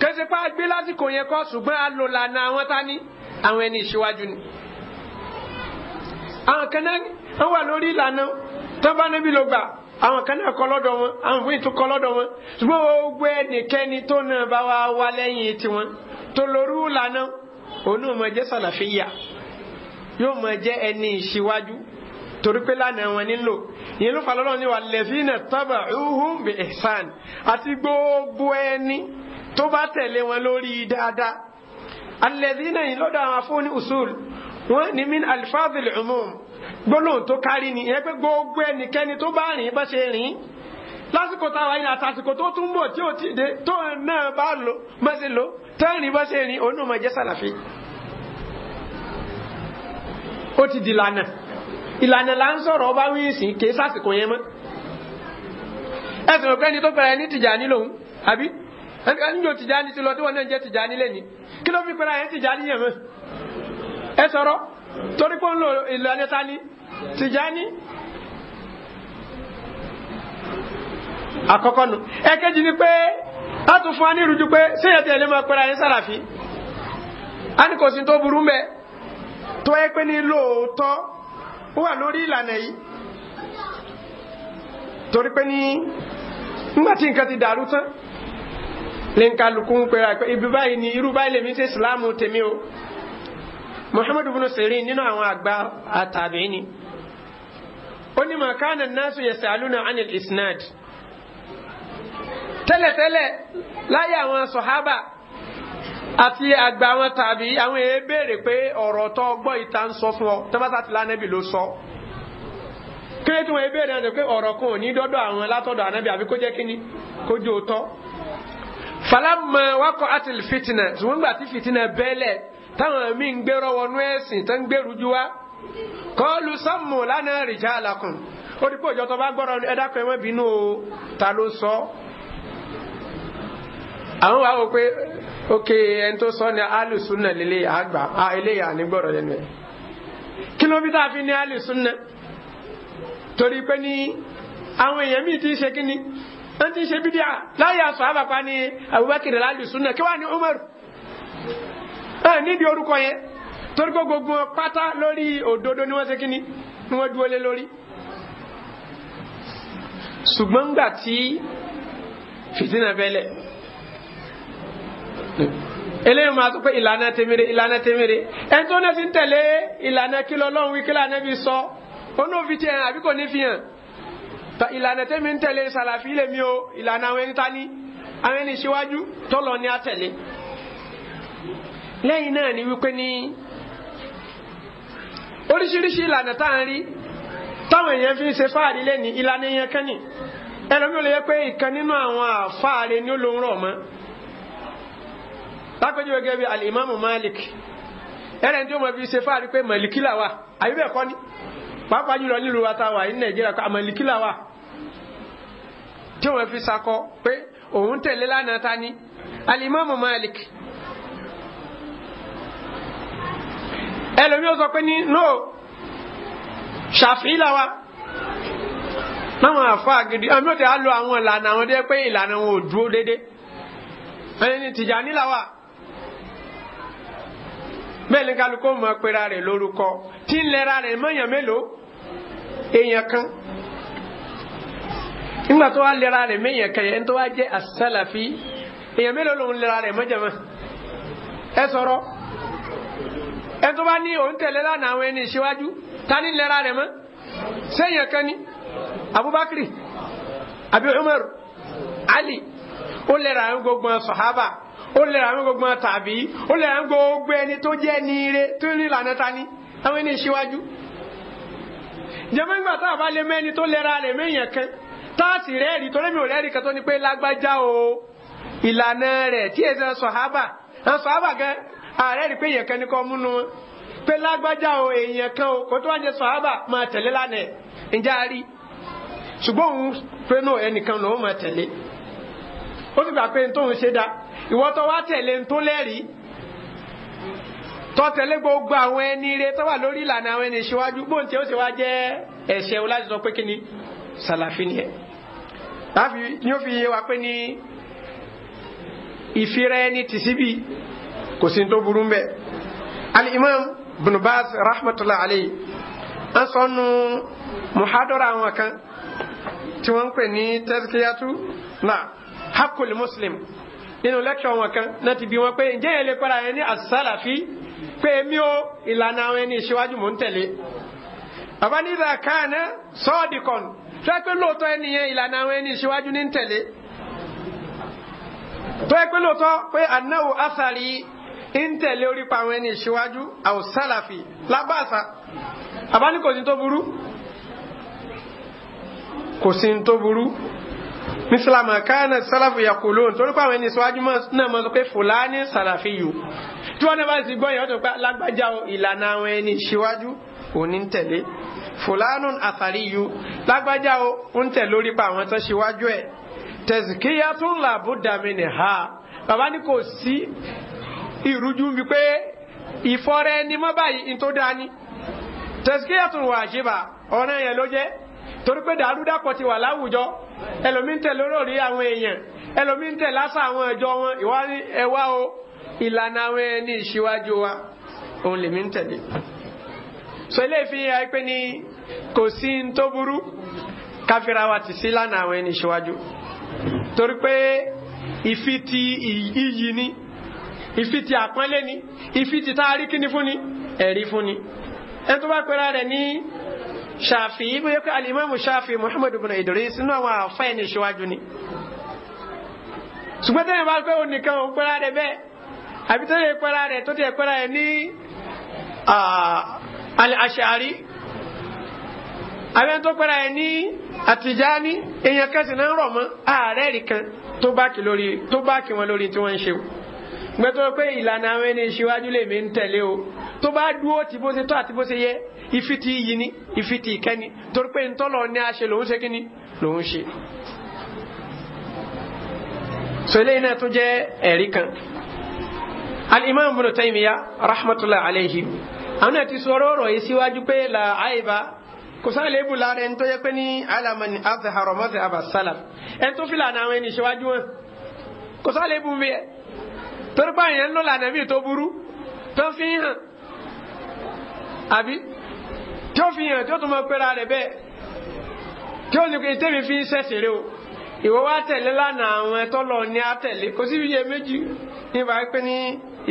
kẹsìpá gbé lásìkò yẹn kọ ṣùgbọ́n a lò lànà àwọn tani àwọn ẹni ìṣíwájú ni. àwọn kan náà wọ́n wà lórí ìlànà tó bá níbi ló gbà àwọn kan náà kọ́ lọ́dọ̀ wọn àwọn fún ìtú kọ́ lọ́dọ̀ wọn ṣùgbọ́n gbogbo ẹnikẹ́ni tó náà bá wa wá lẹ́yìn tiwọn tó lórí ìlànà òun náà ma jẹ salafiya yóò ma jẹ ẹni ìṣíwájú torí pé lánàá wọn nílò ìyẹn ló fà lọ́lọ́run ní walladhina taba'uhum bi ihsan àti gbogbo ẹni tó bá tẹ̀lé wọn lórí dáadáa alladhina yìí lọ́dọ̀ àwọn afọ́ni usul wọn ní min alifadil umum gbólóhùn tó kárí ni ìyẹn pé gbogbo ẹnikẹ́ni tó bá rìn bá ṣe rìn lásìkò táwa yìí àtàsìkò tó tún bọ̀ tí ò ti dé tó náà bá lò bá ṣe lò tẹ́rìn bá ṣe rìn òun náà máa jẹ́ sàlàfí ó ti di lànà ìlànà là ń sọ̀rọ̀ ọba wí ìsìn kì í sásìkò yẹn mọ́ ẹsìn òpin ẹni tó pẹ̀lẹ́ ní Tìjàní lòun àbí ẹni yóò Tìjàní ti lọ tí wọn náà jẹ́ Tìjàní lẹ́ni kí ló fi pẹ̀lẹ́ ẹni Tìjàní yẹn mọ́ ẹ sọ̀rọ̀ torí pé ń lo ìlànà ta ni Tìjàní. àkọ́kọ́ nu ẹ̀kejì ni pé a tún fún wa ní ìrújú pé séyàn tí ẹ lè máa pẹ̀lẹ́ ẹni Sàlàfí a ní kò sí tó burú mbẹ tó ẹ pé ní lóòótọ́ ó wà lórí ìlànà yìí torí pé ní nígbàtí nǹkan ti dàrú tán lè ń kálukú ń pera pé ibi báyìí ni irú báyìí lèmi ṣe ìsìláàmù tèmi o muhammadu bin sirin nínú àwọn àgbà àtàbí ni ó ní ma kana nasu yasaluna anil isnad tẹ́lẹ̀tẹ́lẹ̀ láyé àwọn sọ̀hábà àti àgbà tàbí àwọn èèyàn béèrè pé ọ̀rọ̀ gbọ́ ìta ń sọ fún ọ ti lánàbì ló sọ kílé tí wọ́n béèrè náà pé ọ̀rọ̀ kan ò ní dọ́dọ̀ àwọn látọ̀dọ̀ ànábì àbí kó jẹ́ kíní kó jẹ́ òótọ́ wakọ fitina ṣùgbọ́n gbà tí fitina bẹ́lẹ̀ táwọn míì ń gbérọ́ wọnú ẹ̀sìn tó ń gbèrú ju wa kọlu sọmù lánàá rìjà àlàkùn ó dípò ta àwọn ok ẹni tó sọ ni alùsùnà lélẹ̀ àgbà eléyà nígbọ̀rọ̀ lẹ́nu ẹ̀ kí ló fi tá a fi ní alùsùnà torí pé ní àwọn èèyàn míì ti ṣe kíni wọ́n ti ṣe bídíà láyé aṣọ àbàpá ni Abubakar alùsùnà kí wàá ní Umar ẹ nídìí orúkọ yẹn torí pé gbogbo pátá lórí òdodo ni wọ́n ṣe kíni ni wọ́n dúró lé lórí ṣùgbọ́n gbà tí fìtínà bẹ́lẹ̀ ele máa sọ pé ìlànà tèmíre ìlànà tèmíre ẹni tó náà ti ń tẹ̀lé ìlànà kílọ̀ lọ́hùn wí kílà sọ ó náà fi tiẹ̀ ní fi ta ìlànà tèmi ń tẹ̀lé sàlàfí lè mi o ìlànà àwọn ẹni tání àwọn ẹni síwájú tọ́lọ ni a tẹ̀lé lẹ́yìn náà ni wípé ní oríṣiríṣi ìlànà tá à ń rí táwọn èèyàn fi ń ṣe fáàrí lẹ́ni ìlànà èèyàn kan ní ẹlòmíràn lè yẹ pé ìkan nínú àwọn àfáàrí ni ó lóun rọ̀ mọ́ lápẹjúwe gẹ́gẹ́ bí alimami malik ẹrẹ ní tí ó mọ fi ṣe fáàrí pé màlìkí là wà àbí bẹ́ẹ̀ kọ́ ni pàápàá jùlọ nílùú wa ta wà ní nàìjíríà pé màlìkí là wà tí ó mọ fi sakọ pé òun tẹ̀lé lánàá ta ni alimami malik ẹlòmíì ó sọ pé ní no ṣàfihàn là wà náwọn àfa gidi àmì ó ti á lo àwọn ìlànà àwọn dé pé ìlànà wọn ò dúró déédéé ẹni tìjà nílà bẹ́ẹ̀ ni kálukú mọ̀ pera rẹ̀ lórúkọ tí ń lẹ́ra rẹ̀ mọ̀yàn mélòó èèyàn kan nígbà tó wá lẹ́ra rẹ̀ mẹ́yàn kan yẹn tó wá jẹ́ àsálàfí èèyàn mélòó lòún lẹ́ra rẹ̀ mọ́jàmá ẹ sọ̀rọ̀ ẹ tó bá ní òun tẹ̀lé lánàá àwọn ẹni ìṣíwájú ta ni lẹ́ra rẹ̀ mọ́ sẹ́yìn kan ni Abubakar àbí Umar Ali ó lẹ́ra àwọn gbogbo sàhábà. ó lè ra àwọn gbogbo tàbí ó lè gbogbo ẹni tó jẹ ní tó ní ìlànà ni àwọn ẹni ìṣíwájú. jẹ́mọ́ tá a bá lè mẹ́ni tó rẹ̀ kan táàsì o ìlànà rẹ̀ tí èsì sọ̀hábà àwọn sọ̀hábà gan ààrẹ rí pé kan ní kọ́ múnú o èèyàn kan o kó tó wá jẹ máa tẹ̀lé lánàá ǹjẹ́ a rí ṣùgbọ́n òun pé náà ẹnìkan máa tẹ̀lé ó ìwọ tó wá tẹ̀lé ń tó lẹ́rìí tó tẹ̀lé gbogbo àwọn ẹni rẹ tó wà lórí ìlànà àwọn ẹni ìṣíwájú gbòǹtì ó sì wá jẹ́ ẹ̀ṣẹ̀ o láti sọ pé kí ni sàlàfí ni ẹ̀ láfi ni ó fi yé wa pé ní ìfira ẹni tì síbi kò sí tó burú mbẹ al-imam bin baz rahmatulah alayhi an sọnù muhadara àwọn kan tí wọ́n ń pè ní tazkiyatu na hakul muslim nínú lẹ́kṣọ̀ wọn kan náà ti bi wọn pé ǹjẹ́ yẹn lè kọ́ra yẹn ní asálàfí pé èmi ò ìlànà àwọn ẹni ìṣíwájú mò ń tẹ̀lé bàbá ní ìlà káàná sọ́ọ̀dì kan tó yẹ pé lóòótọ́ ẹni yẹn ìlànà àwọn ẹni ìṣíwájú ní ń tẹ̀lé tó yẹ pé lóòótọ́ pé anáwó asàrí ń tẹ̀lé orí àwọn ẹni ìṣíwájú àwọn sálàfí bàbá ní kò sí tó burú kò sí tó burú misalama kana salafu yakulun torí pé àwọn ẹni síwájú náà mọ pé fúlàní sàlàfíyù tí wọn náà bá ti gbọ́ yẹn wọn tó pé lágbájá ìlànà àwọn ẹni síwájú òní ń tẹ̀lé fúlàní àtàríyù lágbájá ó ń pa àwọn tó síwájú ẹ̀ tẹ̀síkíyà tún là búdàmí ni ha bàbá ní kò sí ìrújú bíi pé ìfọ́rẹ́ ni mọ́ báyìí ní tó dání tẹ̀síkíyà tún wà àṣìbà ọ̀rẹ́ yẹn ló torí pé dàrúdàpọ̀ ti wà láwùjọ ẹlòmíín tẹ̀ lórí àwọn èèyàn ẹlòmíín tẹ̀ lásà àwọn ẹjọ́ wọn ìwà ní ẹwà o ìlànà àwọn ẹni ìṣíwájú wa òun lèmi ń tẹ̀lé so eléyìí fi hàn pé ní kò sí ní tó burú káfíra wa ti sí lánàá àwọn ẹni ìṣíwájú torí pé ìfi iyì ni ìfi àpọ́nlé ni ìfi ti tá a rí kíni fún ni ẹ̀rí fún ni ẹni tó bá pera rẹ̀ ní. Shafi, bó yẹ kó alimami muhammadu bin idris inú wa àfẹ́ ní ṣíwájú ni ṣùgbọ́n tẹ́lẹ̀ bá pé òun nìkan òun pẹ́ra rẹ̀ bẹ́ẹ̀ àbí tó yẹ pẹ́ra rẹ̀ tó tẹ̀ pẹ́ra rẹ̀ ní al-ashari àbẹ́ni tó pẹ́ra rẹ̀ ní na èèyàn kẹsì náà rọ̀ mọ́ ààrẹ rì kan tó bá kí wọn lórí tí wọ́n ń ṣe o gbẹtọ pé ìlànà àwọn ẹni ìṣíwájú lèmi ń tẹ̀lé o tó bá dúró tí bó ṣe tọ́ àti bó ṣe yẹ ìfitì yìí ni ìfitì ìkẹ́ni torí pé ntọ́lọ ní àṣẹ lòún ṣe kíni lòún ṣe. so eléyìí náà tó jẹ́ ẹ̀rí kan al-imam ibn Taymiyyah rahmatullahi alayhi àwọn àti sọ̀rọ̀ ọ̀rọ̀ yìí síwájú pé la àìbá kò sáà léèbù lára ẹni tó yẹ pé ní alamani azhar madhhab as tó fi lànà àwọn ẹni ìṣíwájú torí pé àyàn ń lò lànà míì tó burú tó fi hàn àbí tí ó fi hàn tí ó tún mọ pera rẹ̀ bẹ́ẹ̀ tí ó ní pé tèmi fi ń ṣẹ̀ṣẹ̀rẹ̀ o ìwọ wa tẹ̀lé lánàá àwọn ẹ̀tọ́ lọ ní àtẹ̀lé kò sí iye méjì nípa pé ní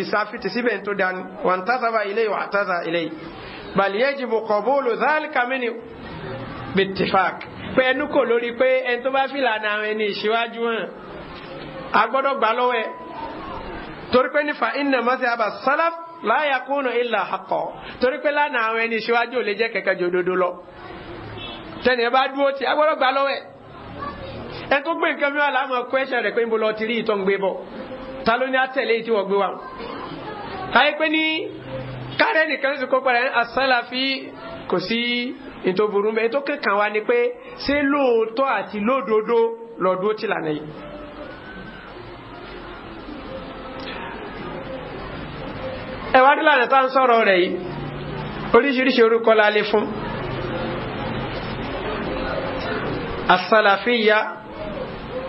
ìsàfitì síbẹ̀ tó dání wà ń tàṣàbà ilé ìwà àtàṣà ilé yìí bàlíyé jìbò kọ̀bóòlù záàlìkà mẹ́ni bìtìfàk pé ẹnu kò lórí pé ẹni tó bá fi lànà àwọn ẹni ìṣíwájú hàn agbọ́dọ̀ gbà torí pé fa iná mọ́sí abà sálàf láyà kúnnù ìlà àkọ́ torí pé lánàá àwọn ẹni ìṣíwájú ò lè jẹ́ kẹ̀kẹ́ jò dodo lọ tẹnìyàn bá dúró tí agbọ́dọ̀ gbà lọ́wọ́ ẹ̀ ẹ tó gbé nǹkan mìíràn láwọn ọkọ ẹ̀ṣẹ̀ rẹ̀ pé ń bo lọ ti rí ìtọ́ ń gbé bọ̀ ta ló ní àtẹ̀lé tí wọ́n gbé wa. àyè pé ní kárẹ́ nìkan sì kópa rẹ̀ asálàfí kò sí ètò burú ètò kankan wa ni pé ṣé lóòótọ́ àti lódodo lọ́dún ó ti lànà yìí. ẹ̀wá rí lànà tá à ń sọ̀rọ̀ rẹ̀ yìí oríṣiríṣi orúkọ la lè fún asalafiya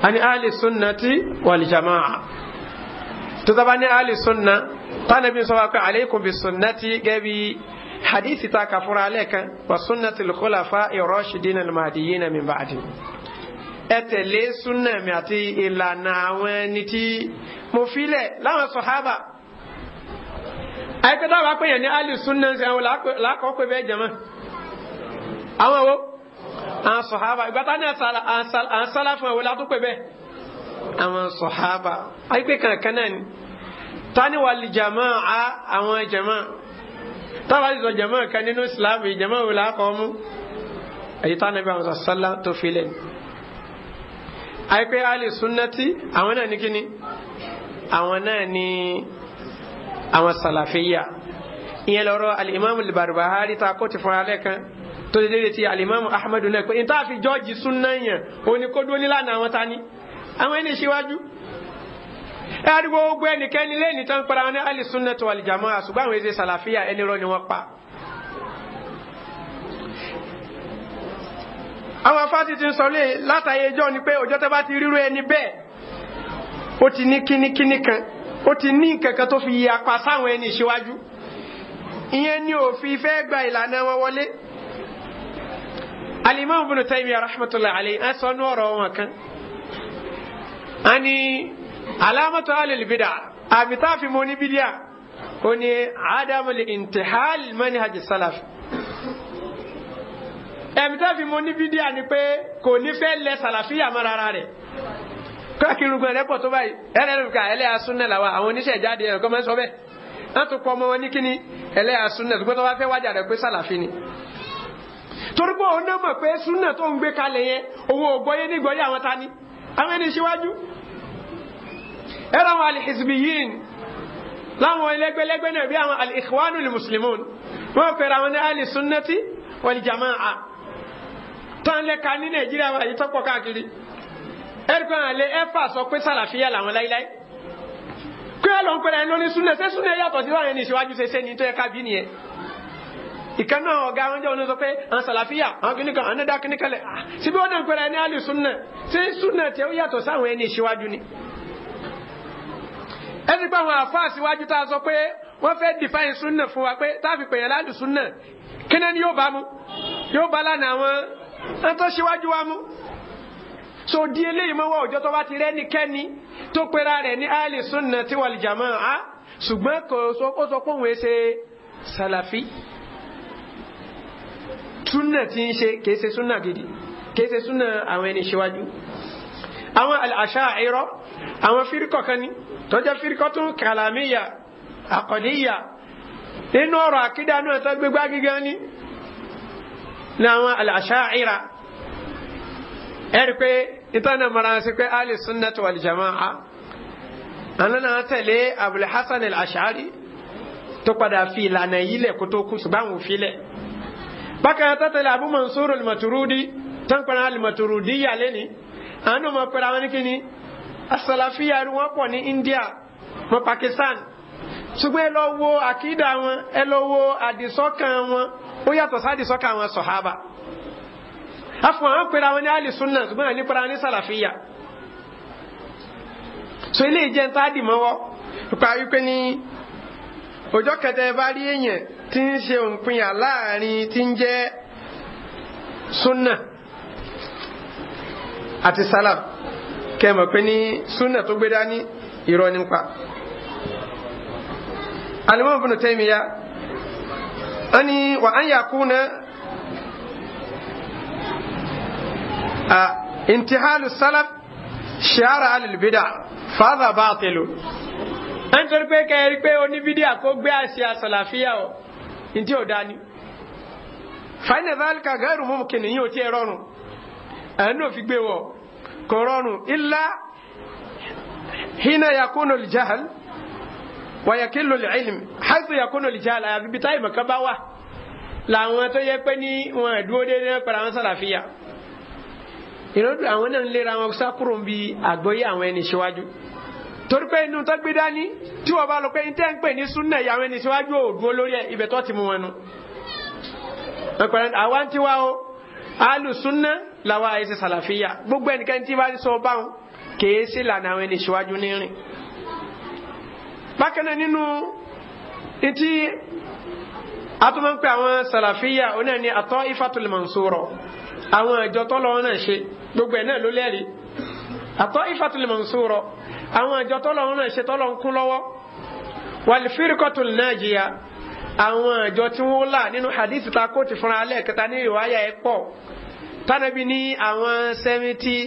ani ali sunnati wal jamaa tó sábà ní ali sunna tánàbí sọ wá pé aleikum bi sunnati gẹ́bí hadisi ta ka fura ale kan wa sunnati lukulafa irashidina almadiyina min ba'di ẹ tẹ̀lé sunna mi àti ìlànà àwọn ẹni tí mo filẹ̀ láwọn sọ̀hábà àyíkẹ́ táwọn apẹ̀yẹ̀ ní alì súnà ń sẹ́ àwọn làákọ́ pé bẹ́ẹ̀ jẹ̀mọ́ àwọn wo àwọn sọ̀hábà ìgbà táwọn àǹsálà fún àwọn látó pé bẹ́ẹ̀ àwọn sọ̀hábà àyíkẹ́ kankan náà ni tani wàlì jàmọ́ a àwọn jàmọ́ táwọn àti sọ jàmọ́ kan nínú ìsìlámù jàmọ́ wò làákọ́ mú èyí táwọn ẹbí àwọn sọ̀sálà tó fi lẹ́nu àyíkẹ́ alì súnà tí àwọn náà ní kíni àwọn náà ní àwọn sàlàfíyà ìyẹn lọ́rọ̀ alimami al-Barbahari ta kó ti fún alẹ́ kan tó ti dédé ti alimami ahmadu náà pé n ta fi jọ́ọ̀jì súnná yẹn òní kó dúró nílànà àwọn tani àwọn ẹni ṣíwájú ẹ àdúgbò gbogbo ẹnikẹ́ni lẹ́ni tán padà wọn ní al-sunnah wal jamā'ah ṣùgbọ́n àwọn èsì sàlàfíyà ni wọ́n pa. àwọn fásitì ń sọ ni pé òjò bá ti ríru ẹni bẹ́ẹ̀ ó ti ní kíníkíní kan O ti ní kankan tó fi yapa sáwọn ẹni ìṣíwájú ìyẹn ni òfin fẹ́ gba ìlànà wọn wọlé alimami bin Taymiyyah rahmatullahi alayhi an sọ ní wọn kan ani alamatu alil bid'a abitaafi mo ni bidia ó ní adamu li intihal manhaj salaf abitaafi mo ni bidia ni pé kò ní fẹ́ lẹ̀ salafiya mọ́ rárá kákìrúgbọn rẹ pọ̀ tó báyìí ẹlẹ́rìíkà ẹlẹ́yà súnà làwọn àwọn oníṣẹ́ ìjáde ẹ̀kọ́ máa ń sọ bẹ́ẹ̀ wọ́n tún kọ́ ọmọ wọn ní kíní ẹlẹ́yà súnà tó gbé tó bá fẹ́ wájà rẹ̀ pé sàlàfin ni. torí pé òun náà mọ̀ pé súnà tó ń gbé kalẹ̀ yẹn òun ò gbọ́yé ní gbọ́yé àwọn tani àwọn ẹni síwájú. ẹ̀rọ àwọn alìhìsìbìyìn láwọn ẹlẹ́gbẹ́lẹ́gbẹ́ náà bí àwọn alìhìwánul muslimun wọ́n ẹ̀ríkọ́ àlẹ́ ẹ̀fà sọ pé sàlàfíà làwọn láíláí pé ẹ lọ ń pẹ́rẹ́ lórí súnlẹ̀ ṣé súnlẹ̀ yàtọ̀ sí láàrin ìṣíwájú ṣe ṣe ní tó yẹ ká bí nìyẹn ìkan náà ọ̀gá àwọn jẹ́ oníṣọ́ pé àwọn sàlàfíà àwọn kìnnìkan àwọn ẹ̀dá kìnnìkan lẹ̀ síbi wọn náà ń pẹ́rẹ́ ní àlè súnlẹ̀ ṣé súnlẹ̀ tí ó yàtọ̀ sáwọn ẹni ìṣíwájú ni. ẹni pé àwọn àfáà síwájú tá a sọ pé wọ́n fẹ́ define súnlẹ̀ fún wa pé táàfin pèyàn láàlù súnlẹ̀ so di eléyìí mọ́ wá òjò tó bá ti rẹ́ nìkẹ́ni tó pera rẹ̀ ní ali sunna ti wal jamaa ṣùgbọ́n kò sọ ó sọ pé òun ṣe sàlàfí sunna ti ń ṣe kìí ṣe sunna gidi kìí ṣe sunna àwọn ẹni ṣíwájú àwọn al-asha'ira àwọn fírikọ̀ kan ní tọ́jà fírikọ̀ tún kàlàmíyà àkọ́díyà nínú ọ̀rọ̀ àkídà náà tó gbégbá gígan ní àwọn al-asha'ira ẹ̀rí pé ìtọ́nà mara sí pé ali sunnati wal jama'a anana tẹ̀lé abul hasan al-ashari tó padà fi ìlànà yìí lẹ̀ kó tó kú ṣùgbọ́n àwọn òfin lẹ̀ bákan tẹ̀lé abu mansur al-maturudi tán pẹ̀lú al-maturudi yà lẹ́ni àwọn ọmọ pẹ̀lú àwọn kìíní asalafiya wọn pọ̀ ní India mọ Pakistan ṣùgbọ́n ẹ wo àkídà wọn ẹ lọ wo àdìsọ́kàn wọn ó yàtọ̀ sí àdìsọ́kàn wọn sọ̀hábà afọ àwọn pèrè àwọn ní àlè sunna ṣùgbọ́n àlè pèrè àwọn ní sàlàfíà so ilé ìjẹun tá a dì mọ́wọ́ nípa wípé ní ọjọ́ kẹta ẹ bá rí èèyàn tí ń ṣe òǹpinya láàrin tí sunna ati salaf kẹmọ̀ pé ní sunna tó gbé dání irọ́ nípa alimọ́ ibn Taymiya ani wa an yakuna intihalu salaf ṣiara alilbida fada baatilu nítorí pé kẹrin pé oníbídíà kó gbé àṣẹ àṣàlàfíà ọ ní tí ò dání fàyínà zálìkà gẹ́rù mú kìnìún yóò tí ẹ rọrùn ẹ̀ẹ́n náà fi gbé wọ kò rọrùn ilá hina yakunu lijahal wa yakillu ilm haitu yakunu lijahal àyàfi bíi táyì mọ̀ká bá wà làwọn tó yẹ pé ní wọn ẹ̀dúró déédéé pẹ̀lú àwọn sàlàfíà ìrọ́dù àwọn náà ń lera wọn sákúrò ń bi àgbọ́yé àwọn ẹni ṣíwájú torí pé inú tó gbé dání tí wọ́n bá lọ pé ní tẹ́ǹpẹ̀ ní súnà ìyàwó ẹni ṣíwájú ò dúró lórí ẹ̀ ibẹ̀ tó ti mú wọn nu. àwa ń tiwa o alu súnà làwa ẹsẹ̀ sàlàfíà gbogbo ẹnikẹ́ni tí bá sọ báwọn kèé sí lànà àwọn ẹni ṣíwájú ní rìn. bákan náà nínú etí atúmọ̀ ń àwọn sàlàfíà onáà ifatul mansuro àwọn ìjọ tọ́lọ́wọ́ náà ṣe gbogbo ẹ̀ náà ló lẹ́rìí àtọ́ ìfàtúlẹ̀ mọ̀nsúrọ̀ àwọn ìjọ tọ́lọ́wọ́ náà ṣe tọ́lọ́ ń kún lọ́wọ́ wàlífírikọ́tùl nájíyà àwọn ìjọ tí wọ́n là nínú hadith ta kó ti fúnra alẹ́ kẹta ní ìwáyà ẹ̀ pọ̀ tánàbí ní àwọn seventy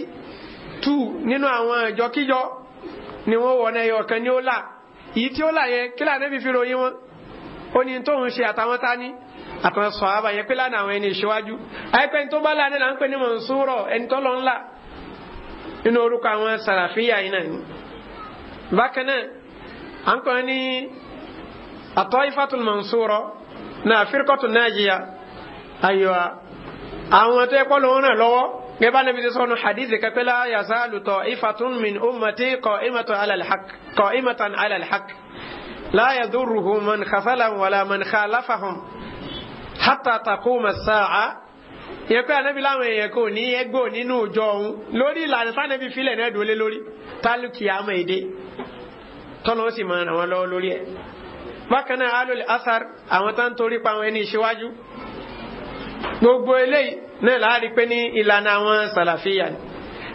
two nínú àwọn ìjọ kíjọ ni wọ́n wọ̀ náà ẹ̀yọ̀ kan ní ó là yìí tí ó là yẹn kí lànà bí fi ròyìn wọn ó ní tóun ṣe àtàwọn tání àtàwọn sọ̀hábà yẹn pé lánàá àwọn ẹni ìṣíwájú àìpẹ́ ní tó bá lánàá là ń pè ní mọ̀nsúrọ̀ ẹni tó lọ ńlá nínú orúkọ àwọn sàràfíà yìí náà ni. bákan náà à ń pè ní àtọ́ífàtún mọ̀nsúrọ̀ náà fírkọ́tún nájíyà ayọ̀à àwọn tó yẹ kọ́ ló ń ràn lọ́wọ́ gẹ́gẹ́ bá nàbí sọ́nù hadith kẹ́kẹ́ la yazalu ta'ifatun min ummati qa'imatan 'ala al-haqq qa'imatan 'ala al-haqq la yadurruhum man khazalahum hata takuma saa yẹ pé anabi láwọn èèyàn kò ní ẹgbẹ́ nínú ìjọ òun lórí ìlànà sànẹ́bí filẹ̀ náà dúró lé lórí tálùkì àmọ́ èdè tọ́nà ó sì máa ràn wọ́n lọ́wọ́ lórí ẹ̀. bákan náà alólè asar àwọn tá ń torí pa àwọn ẹni ìṣíwájú gbogbo eléyìí náà láàrin pé ní ìlànà àwọn sàlàfíà ni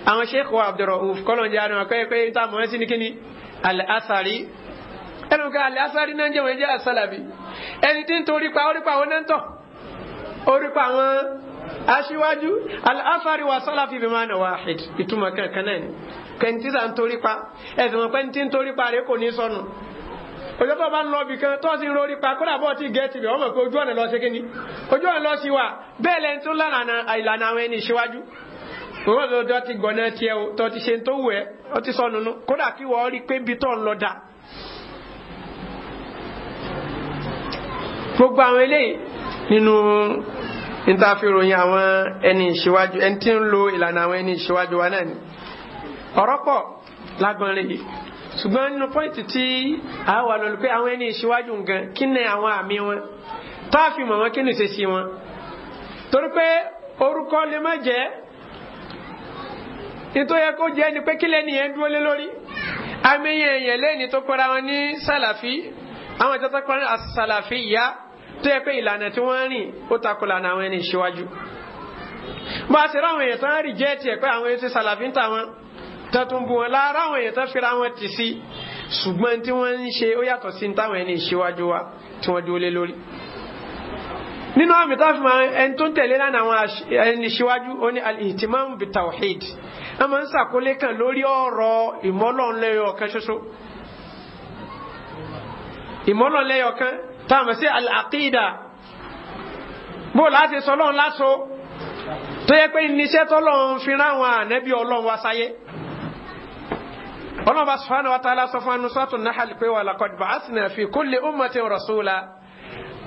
àwọn sheikh wa abdulrahman kọ́lọ̀ ń jẹ́ àná akọ́yẹ́ pé tá a mọ̀ ẹ́ sí ní kíni al-asari ẹnu ká alẹ́ asọ́rí náà ń jẹ́ wọ́n jẹ́ asọ́làbí ẹni tí ń torí pa orípa àwọn náà ń tọ̀ orípa àwọn aṣíwájú aláfàrí wa sọ́làfí bí máa nà wá ìtumọ̀ kankan náà ni kẹntísà ń torí pa ẹ̀sìn wọn pẹ́ntì ń torí pa rẹ̀ kò ní sọnù ojú tó bá ń lọ ibì kan tó sì ń rori pa kódà bọ́ ti gẹ̀ẹ́tì bẹ̀ wọ́n mọ̀ pé ojú ọ̀nà lọ sí kíni ojú ọ̀nà lọ sí wa bẹ́ẹ̀ lẹ́ni tó lànà ìlànà àwọn ẹni ìṣíwájú òun lọ́dọ̀ ti gbọ̀nà tiẹ̀ tó ti ṣe tó wù ẹ́ ó ti sọnù nù kódà kí wọ́n rí pé bí tó ń lọ dáa gbogbo àwọn eléyìí nínú nítafìròyìn àwọn ẹni ìṣíwájú ẹni tí ń lo ìlànà àwọn ẹni ìṣíwájú wa náà ni ọ̀rọ̀ pọ̀ lágbọ̀nrín yìí ṣùgbọ́n nínú pọ́ìntì tí a wà lọ́lù pé àwọn ẹni ìṣíwájú nǹkan kí ni àwọn àmì wọn tá a fi mọ̀ wọn kí ni ṣe sí wọn torí pé orúkọ lè má jẹ́ nítorí kó jẹ́ ni pé kí lẹ́ni yẹn dúró lé lórí àmì yẹn yẹn lẹ́ni tó pẹ́ra wọn ní sàlàfí àwọn ìjọba pẹ́ra àsàlàfí yá. tó yẹ ilana ìlànà tí wọ́n ń rìn ó takò lànà ẹni ìṣíwájú bá a ṣe ráwọn èèyàn tó rí jẹ́ tiẹ̀ pé àwọn ẹsẹ̀ sàlàfí wọn bu wọn lára àwọn èèyàn fira wọn ti sí ṣùgbọ́n tí wọ́n ń ṣe ó yàtọ̀ wa tí wọ́n dúró lé lórí nínú àmì tá a fi máa ẹni tó ń tẹ̀lé lánàá àwọn ẹni ó ní bi tawhid kan lórí ọ̀rọ̀ táàmù sí al-aqida bó láti sọ lọ́run láso tó yẹ pé níṣẹ́ tọ́lọ́run fi ráwọn ànẹ́bí ọlọ́run wá sáyé ọlọ́run bá subhanahu wa ta'ala sọ fún anusọ́tò nahal pé wa laqad ba'athna fi kulli ummatin rasula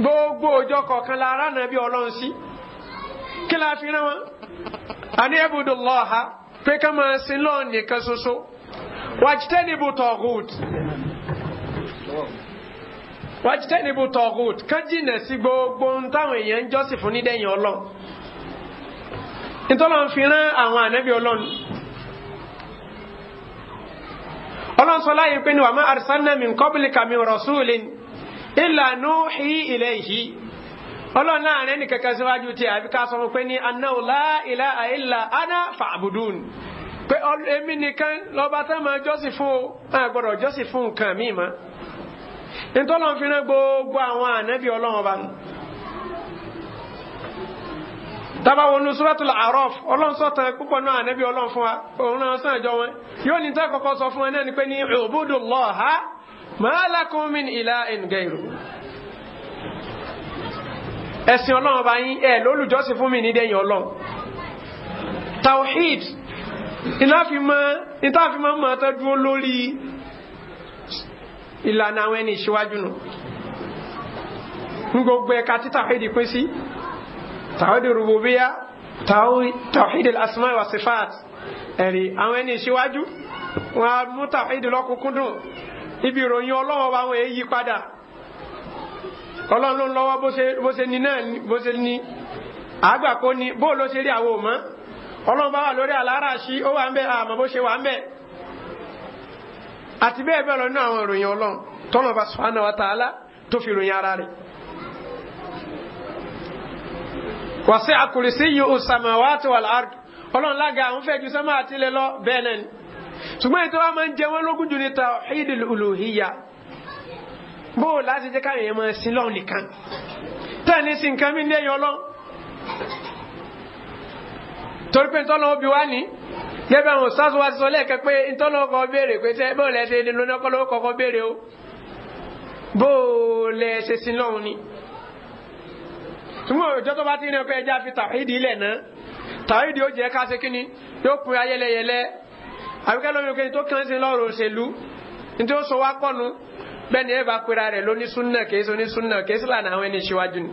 gbogbo ọjọ́ kọ̀ọ̀kan la ara ànẹ́bí ọlọ́run sí kí la fi rán àní ẹ̀bùdó lọ́ha pé ká máa sin lọ́ọ̀ nìkan ṣoṣo wàjítẹ́nibù tọ̀gùt wájútẹ́ níbo tọ̀gùt kájínà sí gbogbo ń táwọn èèyàn ń jọ́sìn fún nídẹ̀yìn ọlọ́run nítorí wọn fi rán àwọn ànábì ọlọ́run ọlọ́run sọ láyé pé ní wàá má arsalna min qablika min rasulin illa nuhi ilayhi ọlọ́run láàrin ẹni kẹ̀kẹ́ síwájú tí àbí ká sọ pé ní annahu la ilaha illa ana faabudun pé èmi nìkan lọ́ba tá máa jọ́sìn fún ọ àgbọ̀dọ̀ jọ́sìn fún nǹkan míì máa ntọ́lọ́n fi rán gbogbo àwọn ànábì ọlọ́run ọba tabawonu suratul araf ọlọ́run sọ̀tàn púpọ̀ náà ànábì ọlọ́run fún wa òun náà sàn ìjọ wọn yóò ní tẹ́ kọ́kọ́ sọ fún wọn náà ni pé ní ubudullaha ma lakum min ilahin gairu ẹ̀sìn ọlọ́run ọba yín ẹ̀ lólùjọ́sìn fún mi ní dẹ́yìn ọlọ́run tawhid ìlàfimọ́ ìtàfimọ́ mọ́ta dúró lórí ìlànà àwọn ẹni ìṣíwájú nù ní gbogbo ẹ̀ka tí tàwídì pín sí tàwídì rububiyya tàwídì asma wa ẹ̀rí àwọn ẹni ìṣíwájú wọn á mú tàwídì lọ́kùnkúndùn ibi ìròyìn ọlọ́wọ́ wa wọn èyí padà ọlọ́run lọ́wọ́ bó ṣe ní náà bó ṣe ní àgbà ni ní ṣe rí àwọn òmọ́ ọlọ́run bá wà lórí ó wà ń àmọ́ bó àti bẹ́ẹ̀ bẹ́ẹ̀ lọ nínú àwọn ìròyìn ọlọ́run tọ́nà bá subhanahu wa ta'ala tó fi ìròyìn ara rẹ̀. wasi'a kursiyyuhu samawati wal ard ọlọ́run lága àwọn fẹ́ ju sánmà àti ilẹ̀ lọ bẹ́ẹ̀ náà ni ṣùgbọ́n ètò wa máa ń jẹ wọ́n lógún jù ní tawhidul uluhiyya bó o láti jẹ́ káyọ̀ yẹn máa sin lọ́run nìkan tẹ́ẹ̀ni sin nǹkan mi ní ẹ̀yọ́ lọ torí pé tọ́lọ́ gẹ́gẹ́ àwọn sọ́ọ̀sì wa ti sọ lẹ́ẹ̀kan pé ọkọ béèrè pé sẹ́ bóò lẹ́sẹ̀ ní ọkọ ọkọ béèrè o bóò lẹ́sẹ̀ sí lọ́hùn ni. túmọ̀ òjò tó bá ti rìn pé ẹja fi tàwídì ilẹ̀ náà tàwídì ó jẹ́ ká ṣe kínní yóò pin ayẹlẹyẹlẹ àbíkẹ́ lómi kí n tó òṣèlú bẹ́ẹ̀ni ẹ bá pera rẹ̀ lóní súnà kéésì oní súnà kéésì lànà àwọn ẹni ṣíwájú ni.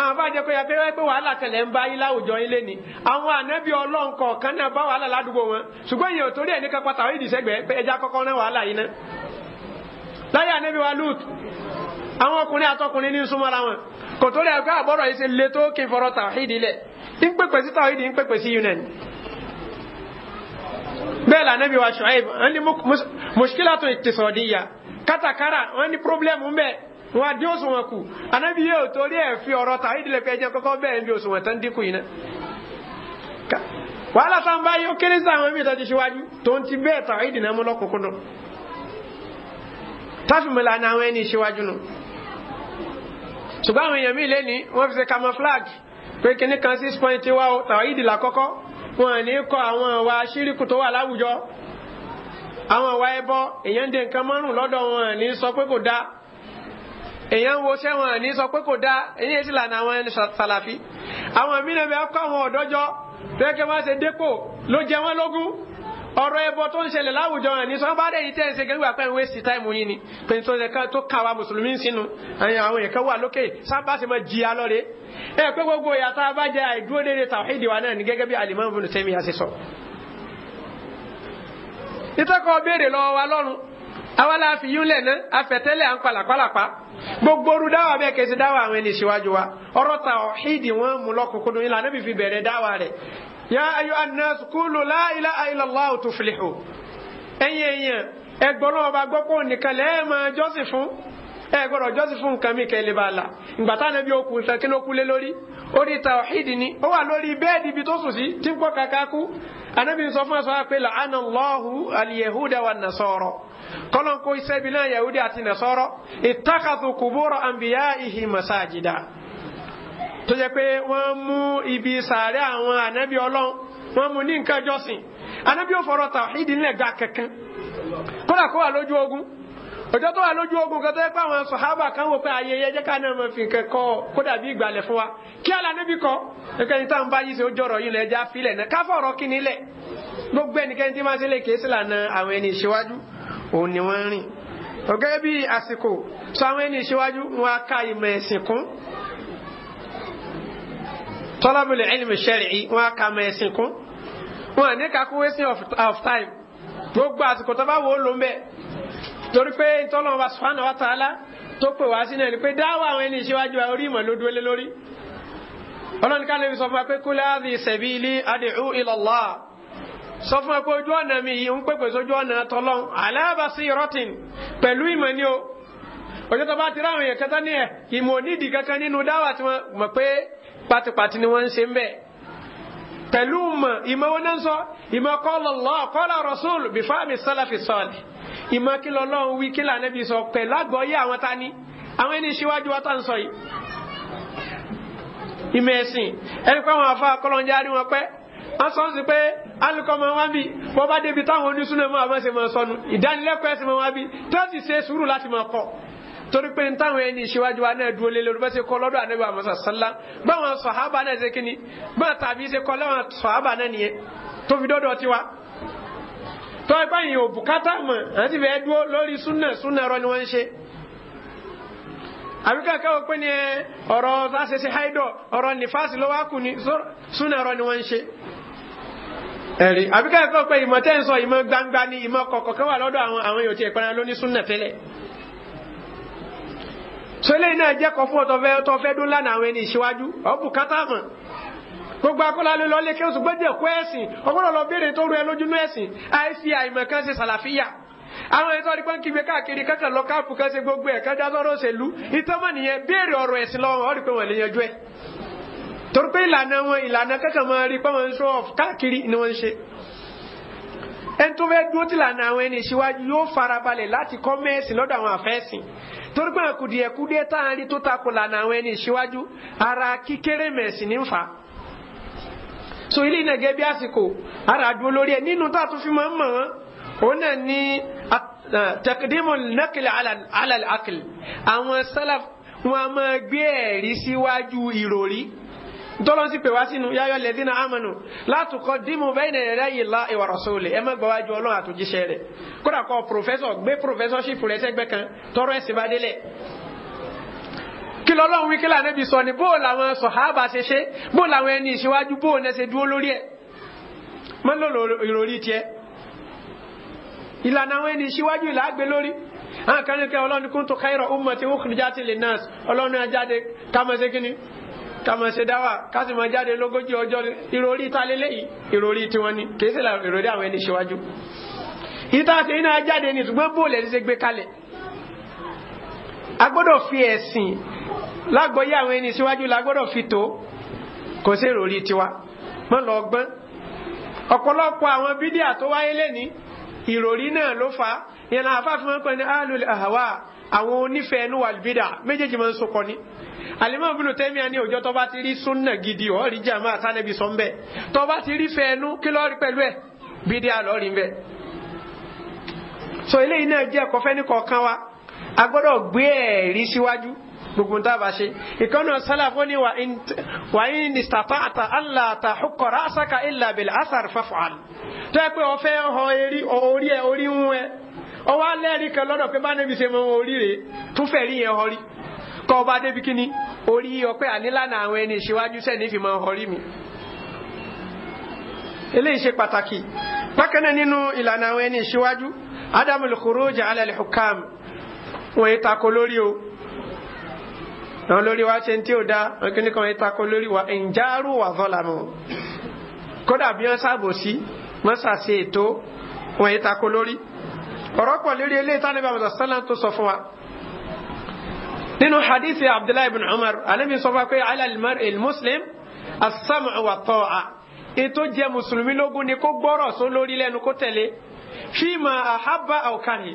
àwọn àbájọ pé yàtọ̀ ẹ pé wàhálà kan lẹ́ ń bá yín láwùjọ yín léni àwọn ànábì ọlọ́run kọ̀ọ̀kan náà bá wàhálà ládùúgbò wọn ṣùgbọ́n ìyẹn ò torí ẹ̀ nìkan pátá òyìn ìdìsẹ́gbẹ̀ẹ́ ẹja kọ́kọ́ náà wàhálà láyé anabi wa lut àwọn ọkùnrin àtọkùnrin ní súnmọ́ra wọn kò torí katakara wọn ní pírọbìlẹmù ń bẹ wọn àdín òṣùwọ̀n kù anabi yìí ò torí ẹ fi ọ̀rọ̀ tàwọn ìdílé pé ẹjẹ kọkọ bẹ́ẹ̀ ń bí òṣùwọ̀n tán dínkù yìí náà wàhálà tá n bá yọ kéré sí àwọn mìíràn ti ṣíwájú tó ń ti bẹ́ẹ̀ tàwọn ìdílé mú lọ́kùnkúndùn táfìmọ̀lá ni àwọn ẹni ìṣíwájú nù ṣùgbọ́n àwọn èèyàn míì lẹ́ni wọ́n fi ṣe camouflage pé kíní kan six point wa tàwọn ìdílé àkọ́kọ́ wọn à ní àwọn ìwà ṣíríkù tó wà láwùjọ àwọn àwa ẹbọ èèyàn ń de nǹkan márùn lọ́dọ̀ wọn ní sọ pé kò dáa èèyàn ń wo sẹ́wọ̀n ní sọ pé kò dáa èyí èsì lànà àwọn ẹni sàlàfí àwọn mìíràn bẹ́ẹ̀ kọ́ àwọn ọ̀dọ́jọ́ tẹ́kẹ́ wá ṣe dépò ló jẹ wọ́n lógún ọ̀rọ̀ ẹbọ tó ń ṣẹlẹ̀ láwùjọ hàn ní sọ́n bá dẹ̀ yìí pẹ́ ni ìtọ́kọ̀ béèrè lọ́wọ́ wa lọ́rùn àwa la fi yún lẹ̀ ná afẹ́tẹ́lẹ̀ à ń palàpalàpa gbogbo oru dáwà bẹ́ẹ̀ kẹsì dáwà àwọn ẹni ṣíwájú wa ọ̀rọ̀ ta ọ̀hídì wọn mú lọ́kùnkúndùn yìí lànà fífi bẹ̀rẹ̀ dáwà rẹ̀ yá ayọ̀ anáṣu kúlù la ilaha illallah tuflihu ẹ̀yìn ẹ̀yìn ẹgbọ́n ọba gbọ́pọ̀ nìkan lẹ́ẹ̀ máa fún ẹ gbọ́dọ̀ jọ́sìn fún nǹkan mi kẹlẹ bá la ìgbà táwọn ẹbí okùn lé lórí orí tawhid ni ó wà lórí bẹ́ẹ̀dì ibi tó sùn sí tí ń kàkà kú anabi sọ fún asọ́ra pé la'ana Allahu al-yahuda wa nasọ́rọ̀ kọ́lọ́n kó iṣẹ́ bi náà yahudi àti nasọ́rọ̀ ittakhadhu qubura anbiya'ihi masajida tó jẹ́ pé wọ́n mú ibi sàárẹ̀ àwọn anabi ọlọ́n wọ́n mú ní nǹkan jọ́sìn anabi ò fọ̀rọ̀ tàwídìí nílẹ̀ gbà kankan kódà kó wà lójú ogun ọjọ́ tó wà lójú ogun kan tó yẹ pé àwọn sọ̀hábà kan wò pé ayẹyẹ jẹ́ ká náà máa fi nǹkan kọ́ kó dàbí ìgbàlẹ̀ fún wa kí àlà níbi kọ́ ẹnikẹ́ni táwọn bá yìí ṣe ó jọ̀rọ̀ yìí lẹ́jà filẹ̀ náà káfọ̀rọ̀ kí nílẹ̀ gbogbo ẹnikẹ́ni tí máa ṣe lè kéésì lànà àwọn ẹni ìṣíwájú òun ni wọ́n ń rìn ọ̀gẹ́ bí àsìkò sọ àwọn ẹni ìṣíwájú wọn á ka ìmọ̀ ẹ̀sìn kún tọ́lábìlì ẹ̀lìmì ṣẹ́rìí wọn á ka ìmọ̀ ẹ̀sìn kún wọn à ní kakú wasting of time gbogbo àsìkò tó bá wò ó lò ń bẹ́ẹ̀ torí pé tọ́lọ́wọ́n bá subhanahu wa ta'ala tó pè wá sí náà ni pé dáwọ́ àwọn ẹni ìṣíwájú wa orí ìmọ̀ ló dúró lé lórí ọlọ́ni ká lè sọ fún wa pé kul hadhi sabili ad'u ila Allah sọ fún wa pé ojú ọ̀nà mi yìí ń pèpè sójú ọ̀nà tọ́lọ́n ala basiratin pẹ̀lú ìmọ̀ ni o ọjọ́ tó bá ti ráwọn èèyàn kẹta ní ẹ̀ ìmọ̀ onídìí kankan nínú dáwà tí wọ́n mọ̀ pé pátípátí ni wọ́n ń ṣe ń bẹ́ẹ̀ pẹ̀lú mọ̀ ìmọ̀ wọn náà ń sọ ìmọ̀ qala Allah qala rasul bifami salafi salih ìmọ̀ kí lọ́lọ́run wí kí lànàbí sọ pẹ̀lú àgbọ̀yé àwọn ta ni àwọn ẹni ṣíwájú wa tá ń sọ yìí ìmọ̀ ẹ̀sìn ẹni pé àwọn àfa akọ́lọ́njá rí wọn pẹ́ wọ́n sọ sí pé alukọ́mọ wá bí wọ́n bá débi táwọn onísúnà mọ́ àmọ́ ṣe mọ́ sọnù ìdánilẹ́kọ̀ọ́ ẹ̀sìn mọ́ wá bí tó sì ṣe sùúrù láti mọ́ kọ́ torí pé táwọn ẹni ìṣíwájú wa náà dúró lé lórí bá ṣe kọ́ lọ́dọ̀ ànábì àmọ́sà sálá báwọn sọ̀hábà náà ṣe kíni bá tàbí ṣe kọ́ láwọn sọ̀hábà náà nìyẹn tó fi dọ́dọ̀ tiwa. tọ́ ẹ báyìí ò bùkátà mọ̀ àti fẹ́ dúró lórí súnà súnà rọ ni wọ́n ń ṣe. àbí kankan wọ pé ni ọ̀rọ̀ aṣẹṣe haidọ̀ ọ̀rọ̀ nífàsì ló wá kù ni súnà rọ ni wọ́n ń ṣe ẹ̀rí àbíkẹ́ ẹ̀kọ́ pé ìmọ̀ tẹ́ ń sọ ìmọ̀ gbangba ni ìmọ̀ kọ̀ọ̀kọ̀ wà lọ́dọ̀ àwọn àwọn èèyàn ti ìpara lóní súnà tẹ́lẹ̀ sọlẹ náà jẹkọọ fún ọtọfẹ ọtọfẹ dún lánàá àwọn ẹni ìṣíwájú ọbù gbogbo akọlá ló lọ oṣù gbọdẹ kó ẹsìn ọgbọdọ lọ béèrè tó ru ẹ lójú ní ẹsìn àìsí àìmọ̀ ṣe sàlàfíà àwọn ẹni tó rí pọn káàkiri lọ káàpù gbogbo ẹ kan dáṣọ òṣèlú ìtọ́mọ nìyẹn béèrè ọ̀rọ̀ ẹsìn ọ pé lè yanjú torí pé ìlànà wọn ìlànà ẹni tó fẹ́ dúró ti lànà àwọn ẹni ìṣíwájú yóò farabalẹ̀ láti kọ́ mẹ́sìn lọ́dọ̀ àwọn àfẹ́sìn torí pé àkùdìẹ̀kùdìẹ̀ tá tó takò lànà àwọn ẹni ìṣíwájú ara kíkéré mẹ́sìn ní fa so ilé ìnàgẹ́ bí àsìkò ara dúró lórí ẹ̀ nínú tá a tún fi máa ń mọ̀ wọ́n òun náà ní taqdimu nakil ala al àwọn sálàf wọn máa gbé ẹ̀rí síwájú ìròrí tọ́lọ́n sì pè wá sínú yáyọ lẹ́dínà àmọ́nù látòkọ́ dìmú bẹ́ẹ̀nà ẹ̀rẹ́ yìí la ìwà rọ̀sọ́ọ̀lẹ̀ ẹ má gbọ́wájú ọlọ́run àtòjíṣẹ́ rẹ̀ kódà kọ́ pòfẹ́sọ̀ gbé pòfẹ́sọ̀ṣìp rẹ̀ sẹ́gbẹ́ kan tọrọ ẹ̀sìn bá délẹ̀ kí lọ́lọ́run wí kí lànà bí sọ ni bó làwọn sọ̀hábà ṣe ṣe bó làwọn ẹni ìṣíwájú bó ní ẹsẹ̀ dúró lórí ẹ̀ má lò ìròrí tiẹ̀ ìlànà àwọn ẹni ìṣíwájú ìlà àgbẹ̀ lórí àwọn kan ní kí ọlọ́run kún tó káyọ̀rọ̀ ummati ukhrijat lin nas kàmá ṣe dáwà ká sì máa jáde lógójì ọjọ́ ìròrí ta lélẹ́yìí ìròrí tiwọn ni kì í sì là ìròrí àwọn ẹni ṣíwájú ìta ṣe iná jáde ní ṣùgbọ́n bóòlù ẹni ṣe gbé kalẹ̀ a gbọ́dọ̀ fi ẹ̀sìn lágbọ́yé àwọn ẹni ṣíwájú la gbọ́dọ̀ fi tó kò sí ìròrí tiwa mọ́ lọ gbọ́n ọ̀pọ̀lọpọ̀ àwọn bídíà tó wáyé lẹ́ni ìròrí náà ló fà ìyẹn làwọn afáfin wọn àwọn onífẹ̀ẹ́ ẹnu àlùbídà méjèèjì máa ń sokọ ni àlìmọ́ ìbínú tẹ́mi àní òjò tó bá ti rí súnà gidi ọ̀ rí jàmá àtànẹ́bí sọ́nbẹ́ tó bá ti rí fẹ́ ẹnu kí lọ́ọ́ rí pẹ̀lú ẹ̀ bídí àlọ́ rí bẹ́ẹ̀. so eléyìí náà jẹ́ ẹ̀kọ́ fẹ́ni kọ̀ọ̀kan wa a gbọ́dọ̀ gbé ẹ̀rí síwájú gbogbo tá a bá ṣe ìkànnì sálàfó ni wà á ní sàtà àtà àlà àtà ọkọ̀rọ̀ àṣàkà ìlà bẹ̀lẹ̀ àṣàrẹ̀ fàfọ̀ àlù tó pé ọ fẹ́ orí ẹ orí ń wẹ́ ọwọ́ alẹ́rìí kan lọ́dọ̀ pé bá níbi ṣe mọ oríire tún fẹ̀rí yẹn họrí kọ́ ọba débi kíní orí ọpẹ́ ànílànà àwọn ẹni ìṣíwájú sẹ́ni fi mọ họrí mi eléyìí ṣe pàtàkì bákan náà nínú ìlànà àwọn ẹni ìṣíwájú adamul khuruj ala al-hukam wọ́n yìí tako lórí o àwọn lórí wa ṣe ń tí ò dá wọn kí ni kàn yìí tako lórí wa ìjárù wà zalamu kódà bí wọ́n sábò wọ́n sàṣe ètò wọ́n yìí tako lórí ọ̀rọ̀ pọ̀ lórí eléyìí tí Ànábì àwọn sálà tó sọ fún wa nínú hadithi abdullahi ibn umar Ànábì sọ fún wa pé alalimar el muslim asam wa tọ́a ètò jẹ́ mùsùlùmí lógún ni kó gbọ́rọ̀ só lórí lẹ́nu kó tẹ̀lé fíìmà àhábà àwòkàní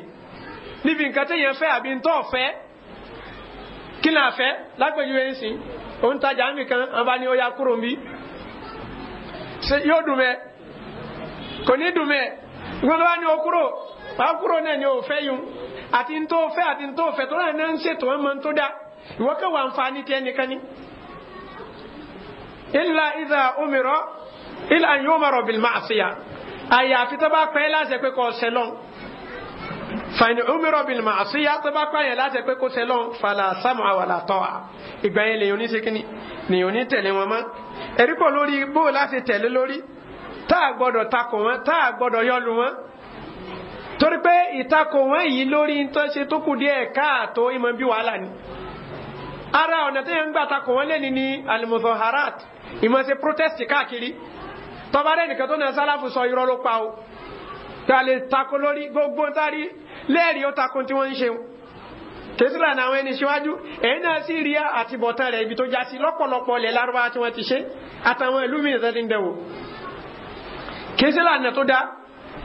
níbi nǹkan téèyàn fẹ́ àbí ntọ́ fẹ́ kí náà fẹ́ lágbèjúwe ń sìn òun tajà ń kan ọba ni kúrò ń bí yóò dùn mẹ́ kò ní dùn mẹ́ gbọ́dọ̀ wá ní okúrò wàá kúrò náà ni ò fẹ́ yun àti ń tó fẹ́ àti ń tó fẹ́ tó náà náà ń ṣètò ẹ̀ máa ń tó dá ìwọ kẹ́ wà ànfààní tiẹ̀ nìkan ni. ilà ìdá omiro ilà yóò máa rọ̀ bìlmà àṣeyà àyàfi tó bá pẹ́ láti pé kò ṣẹ lọ́n fàìní omiro bìlmà àṣeyà tó bá pẹ́ láti pé kò ṣẹ lọ́n fàlà sàmù àwàlà tọ́ a ìgbà yẹn lèyìn oníṣekínì lèyìn onítẹ̀lé wọn mọ́ erékò lórí bó láti tẹ̀lé lórí tá gbọ́dọ̀ takò wọn tá gbọ́dọ̀ yọlu wọn torí pé ìtakò wọn yìí lórí nǹkan ṣe tó kù díẹ̀ káàtó ìmọ̀ bí wàhálà ni ara ọ̀nà tó yẹn ń gbà takò wọn lẹ́ni ní alimusoharat ìmọ̀ ṣe protest káàkiri tọ́bárẹ́ nìkan tó náà sálàfù sọ irọ́ ló pa o ta lè takò lórí gbogbo ntárí lẹ́ẹ̀rí ó takò tí wọ́n ń ṣe o tẹsílà náà àwọn ẹni síwájú ẹ̀yìn náà sì rí àtibọ̀tán rẹ̀ ibi tó já sí lọ́pọ̀lọpọ̀ ilẹ̀ lárúbáwá tí wọ́n ti ṣe àtàwọn ìlú mìíràn ti ń náà tó dá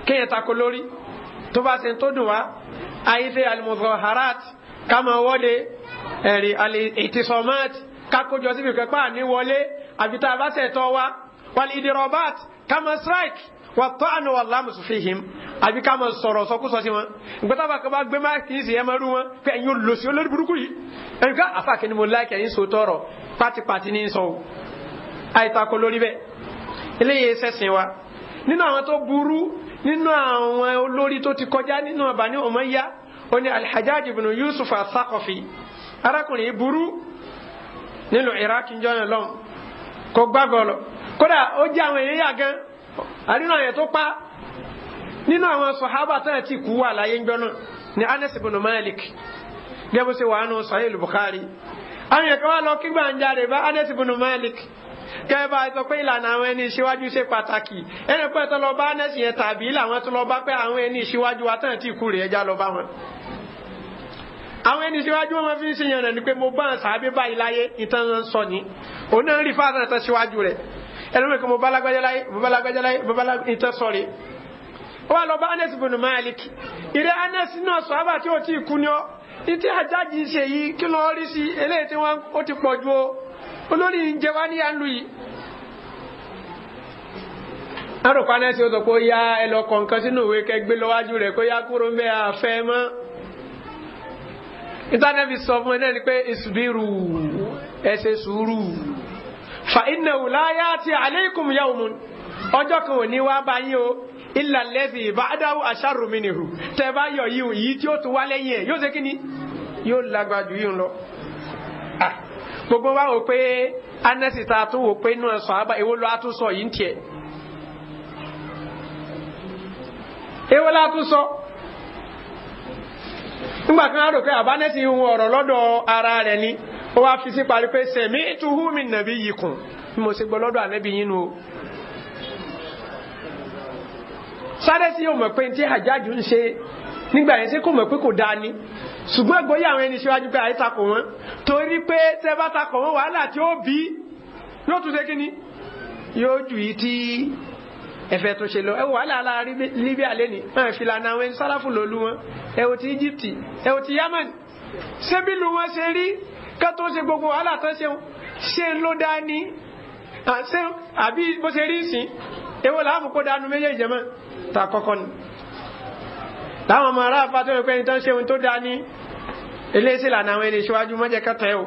kéèyàn takò lórí tó bá ṣe tó dùn wá ayé ṣe al-muzaharat ká máa wọ́de ẹ̀rí al-i'tisamat ká kójọ síbi kẹ́pà níwọlé àbí tá a bá ṣẹ̀tọ́ wa wal-idirabat ká máa strike wà tó àná wà lámùsù fihim àbí ká máa sọ̀rọ̀ sọkúsọ sí wọn ìgbàtà bá kaba gbé máa kìí sí ẹ máa rú wọn pé ẹ̀yin olùlọ́sí olórí burúkú yìí ẹ̀yin ká ni mo láìkì ẹ̀yin sòtọ́rọ̀ pátipàti ní sọ àìtakò lórí bẹ́ẹ̀ eléyìí sẹ́sìn wa nínú àwọn tó burú nínú àwọn olórí tó ti kọjá nínú Bani Umayya ó ní Al-Hajjaj ibn Yusuf Al-Thaqafi arákùnrin burú nílùú Iraq ń jọ́nà lọ́n kó gbàgbọ́ lọ kódà ó jẹ́ àwọn èèyàn yà gan àrínú àyẹ̀ tó pa nínú àwọn sọ̀hábà tó yẹ ti kú wà láyé ń ní Anas ibn Malik gẹ́gẹ́ bó ṣe wà nù Sahih Bukhari àwọn èèyàn kan wà lọ kígbà ń jáde bá Anas ibn Malik gẹ́gẹ́ bá a sọ pé ìlànà àwọn ẹni ìṣíwájú ṣe pàtàkì ẹni pẹ́ tó lọ bá nẹ́sì yẹn tàbí làwọn tó lọ bá pé àwọn ẹni ìṣíwájú wa tán ti kú rè ẹja lọ bá wọn. àwọn ẹni ìṣíwájú wọn fi ń ṣe yànnà ni pé mo bá ń sàábé báyìí láyé ìtàn sọ ni òun náà ń rí fáwọn àtàn síwájú rẹ̀ ẹni pé mo bá lágbájá láyé mo bá lágbájá láyé mo bá ìtàn sọ̀rọ̀ wà lọ bá Anas bin Malik ìrẹ Anas náà sọ àbá tí olórí ń jẹ wá ní àlù yìí arùpánẹ́ tí ó sọ pé ó ẹlọ kọ̀ọ̀kan sínú ìwé kẹgbẹ́ lọ́wájú rẹ̀ kó yá kúrò mẹ́ àfẹ́ mọ́ sọ fún ẹ̀nà pé ìsùbírù ẹ sùúrù fa iná wùláyà ti alaykum yawmun ọjọ́ kan ò ní wá bá yín o illa allazi ba'dahu asharru minhu tẹ́ bá yọ yìí tí ó tún wá lẹ́yìn ẹ̀ yóò ṣe kí ni yóò yìí lọ. Ah. gbogbo wa wò pé anẹsi ta tún wò pé inú ẹsọ àbá èwo ló àtúnsọ yìí ń tiẹ èwo ló àtúnsọ nígbà kan á rò pé àbánẹsì ń wọ ọ̀rọ̀ ara rẹ ni ó wá fi sí parí pé sẹmí tuhu mi nàbí yìí kùn bí mo ṣe gbọ lọdọ ànẹbí yín nu o sáré sí yóò mọ̀ pé ní tí àjájú ń ṣe nígbà yẹn mọ̀ pé kò ṣùgbọ́n ìgbóyà àwọn ẹni ṣíwájú pé àìtakò wọn torí pé tẹ́ bá takò wọn wàhálà tí ó bí yóò tún ṣe ni yóò jù yìí tí ẹ̀fẹ̀ tó ṣe lọ ẹ wàhálà ara Libya lẹ́ni ẹ̀ fìlànà àwọn ẹni Yemen ṣé bí lu wọn ṣe rí ká tó ṣe gbogbo wàhálà tó ṣe ṣe ló dá ní àbí bó ṣe rí ìsìn ewo làwọn kó dánú méjèèjì mọ́ ta kọ́kọ́ ni táwọn ọmọ ará afá tó rẹ pé ní tán ṣe ohun tó dáa ní eléyìí lànà àwọn ẹni ìṣíwájú mọ́jẹ́ kẹta ẹ̀ o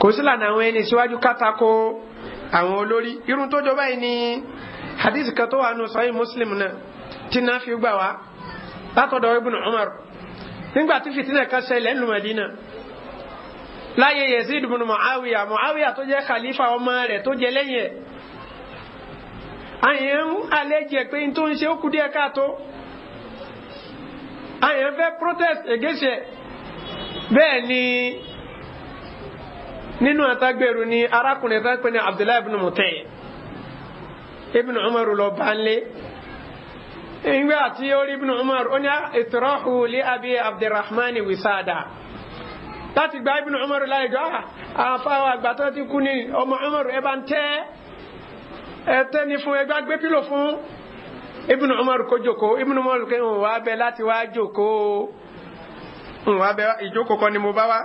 kò sí lànà àwọn ẹni ìṣíwájú kátàkó àwọn olórí irun tó jọba yìí ni hadith kan tó wà nù sahih muslim náà tí náà fi gbà wá látọ̀dọ̀ ibn umar nígbà tí fìtínà kan ṣẹlẹ̀ ní Madina láyé yezid ibn Muawiya Muawiya tó jẹ́ khalifa ọmọ rẹ̀ tó jẹ lẹ́yìn ẹ̀ àyẹ̀ ń alẹ́ jẹ pé n tó ń ṣe ó kú díẹ̀ káàtó àyàn fẹ́ protest against ẹ̀ ni nínú àtàgbèrú ni arákùnrin tó ń pè Abdullahi ibn Mutai ibn Umar lọ bá ń ìgbà àti orí ibn Umar ó ní ìtìrọ́hù lé abi Abdurrahman wisada láti gba ibn Umar láì gbọ́ ah, àfáwọn àgbà tó ti kú ní ọmọ Umar ẹ bá ń tẹ́ ẹ tẹ́ ni fún ẹgbẹ́ gbé pílò fún ibnu umar kó jókòó ibnu umar kẹ́ ń wá bẹ láti wá jókòó ń wá bẹ ìjókòó kan ni mo bá wá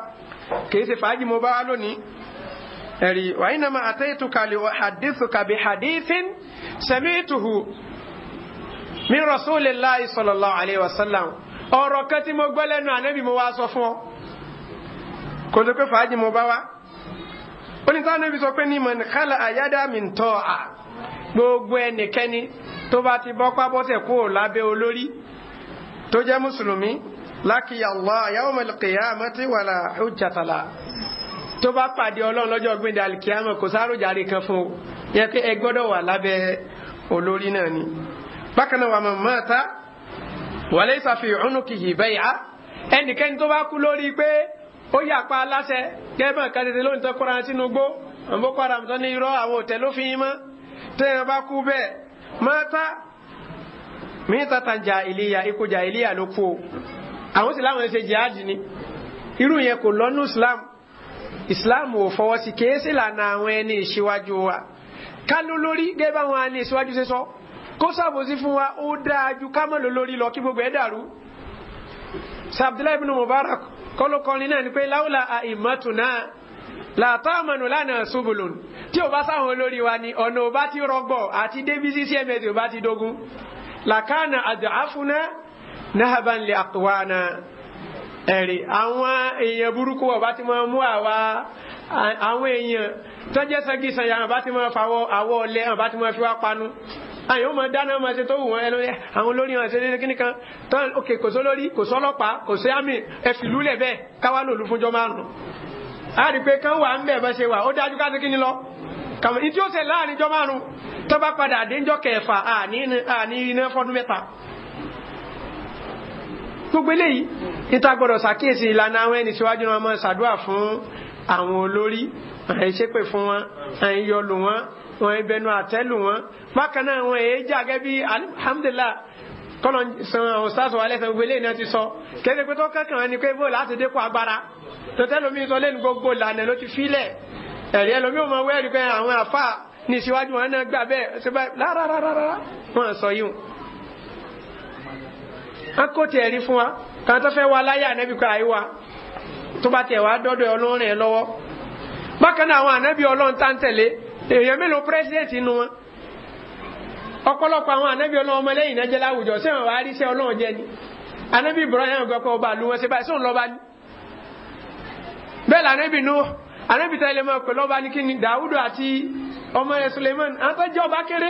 kìí ṣe fàájì mo bá wá lónìí ẹ̀rí wàyí nàmà àtẹ́yìtùkà lè hadithuka bi hadithin sami'tuhu min rasulillahi sallallahu alayhi wa sallam ọ̀rọ̀ kan mo gbọ́ lẹ́nu ànábì mo wá sọ fún ọ kò tó pé fàájì mo bá wá onítàn ànábì sọ pé ní man khala àyádá min ta'a. gbogbo ẹnikẹ́ni tó bá ti bọ́ pábọ́sẹ̀ kúrò lábẹ́ olórí tó jẹ́ mùsùlùmí lákìyà Allah yawmal qiyamati wala hujjata tó bá pàdé ọlọ́run lọ́jọ́ alikiyama kan fún o yẹ pé ẹ gbọ́dọ̀ wà lábẹ́ olórí náà ni. bákan náà wà mata wa tó bá kú lórí pé ó aláṣẹ téèyàn bá kú bẹ́ẹ̀ mọ́tà mí tata jàhílíyà ikú jàhílíyà ló kú o àwọn sì ṣe jihadi ni irú yẹn kò lọ́nu islam islam ò fọwọ́ sí kìí sí lànà àwọn ẹni ìṣíwájú wa kálú lórí gẹ́gẹ́ báwọn ẹni ìṣíwájú ṣe sọ kó ṣàbòsí fún wa ó dáa ju kámọ́lò lórí lọ kí gbogbo ẹ̀ dàrú sabdulayi bin mubarak kọ́lọ́kọ́rin náà ni pé láwùlà àìmọ́tò náà làtọ́mọ̀nù lánàá subulun tí o bá sáwọn olórí wa ni ọ̀nà ò bá ti rọgbọ̀ àti débísí cms ò bá ti dógún làkàna àdàáfúnà náhàbánlẹ̀ àtúwánà ẹ̀rì àwọn èèyàn burúkú ọ̀bá ti máa mú àwa àwọn èèyàn tó jẹ́ sẹ́gísàn yà ọ̀bá ti máa fàwọ́ àwọ̀ ọ̀lẹ́ ọ̀bá ti máa fi wá panu àyàn ó máa dáná máa ṣe tó wù a rí pé kán wà ń bẹ̀ bẹ́ ṣe wà ó dájú ká sí kí ni lọ kàmú ní tí ó ṣe láàrin jọ márùn tó bá padà déńjọ kẹfà àní iná fọdún mẹ́ta gbogbo eléyìí níta gbọdọ̀ ṣàkíyèsí ìlànà àwọn ẹni síwájú náà máa ṣàdúrà fún àwọn olórí àwọn ìṣépè fún wọn àwọn ìyọlù wọn àwọn ìbẹnu àtẹ́lù wọn bákan náà àwọn èèjà gẹ́gẹ́ bí alhamdulillah kọ́lọ̀ san ọ̀sáàsọ̀ wa lẹ́sàn gbogbo eléyìí náà ti sọ kéde pé tó kankan wọn ni pé bó láti dépò agbára tòtẹ́ lomi sọ lẹ́nu gbogbo lànà ló ti filẹ̀ ẹ̀rí ẹlòmí ò mọ wẹ́ẹ̀rí pé àwọn àfa ní ìṣíwájú wọn náà gbà bẹ́ẹ̀ ṣe bá rárárárá wọn sọ yìí wọn kò tiẹ̀ rí fún wa kàn tó fẹ́ wa láyé ànẹ́bí kọ́ àyíwá tó bá tiẹ̀ wá dọ́dọ̀ ọlọ́run ẹ̀ lọ́wọ́ bákan náà àwọn ànẹ́bí ọlọ́run tá èèyàn mélòó pírẹ́sidẹ̀ntì inú wọn ọ̀pọ̀lọpọ̀ àwọn ànábì Ọlọ́run ọmọlẹ́yìn náà jẹ́ láwùjọ ṣé wọn wá rí iṣẹ́ Ọlọ́run jẹ ni ànábì Ibrahim gbọ́ pé ọba àlù wọn ṣe báyìí sóun lọ́ba ni bẹ́ẹ̀ lànábì nù ànábì tẹ́lẹ̀ mọ́ pé lọ́ba ni kí ni Dàwúdù àti ọmọ ẹ̀ Suleiman àtọ́jọ́ ọba kéré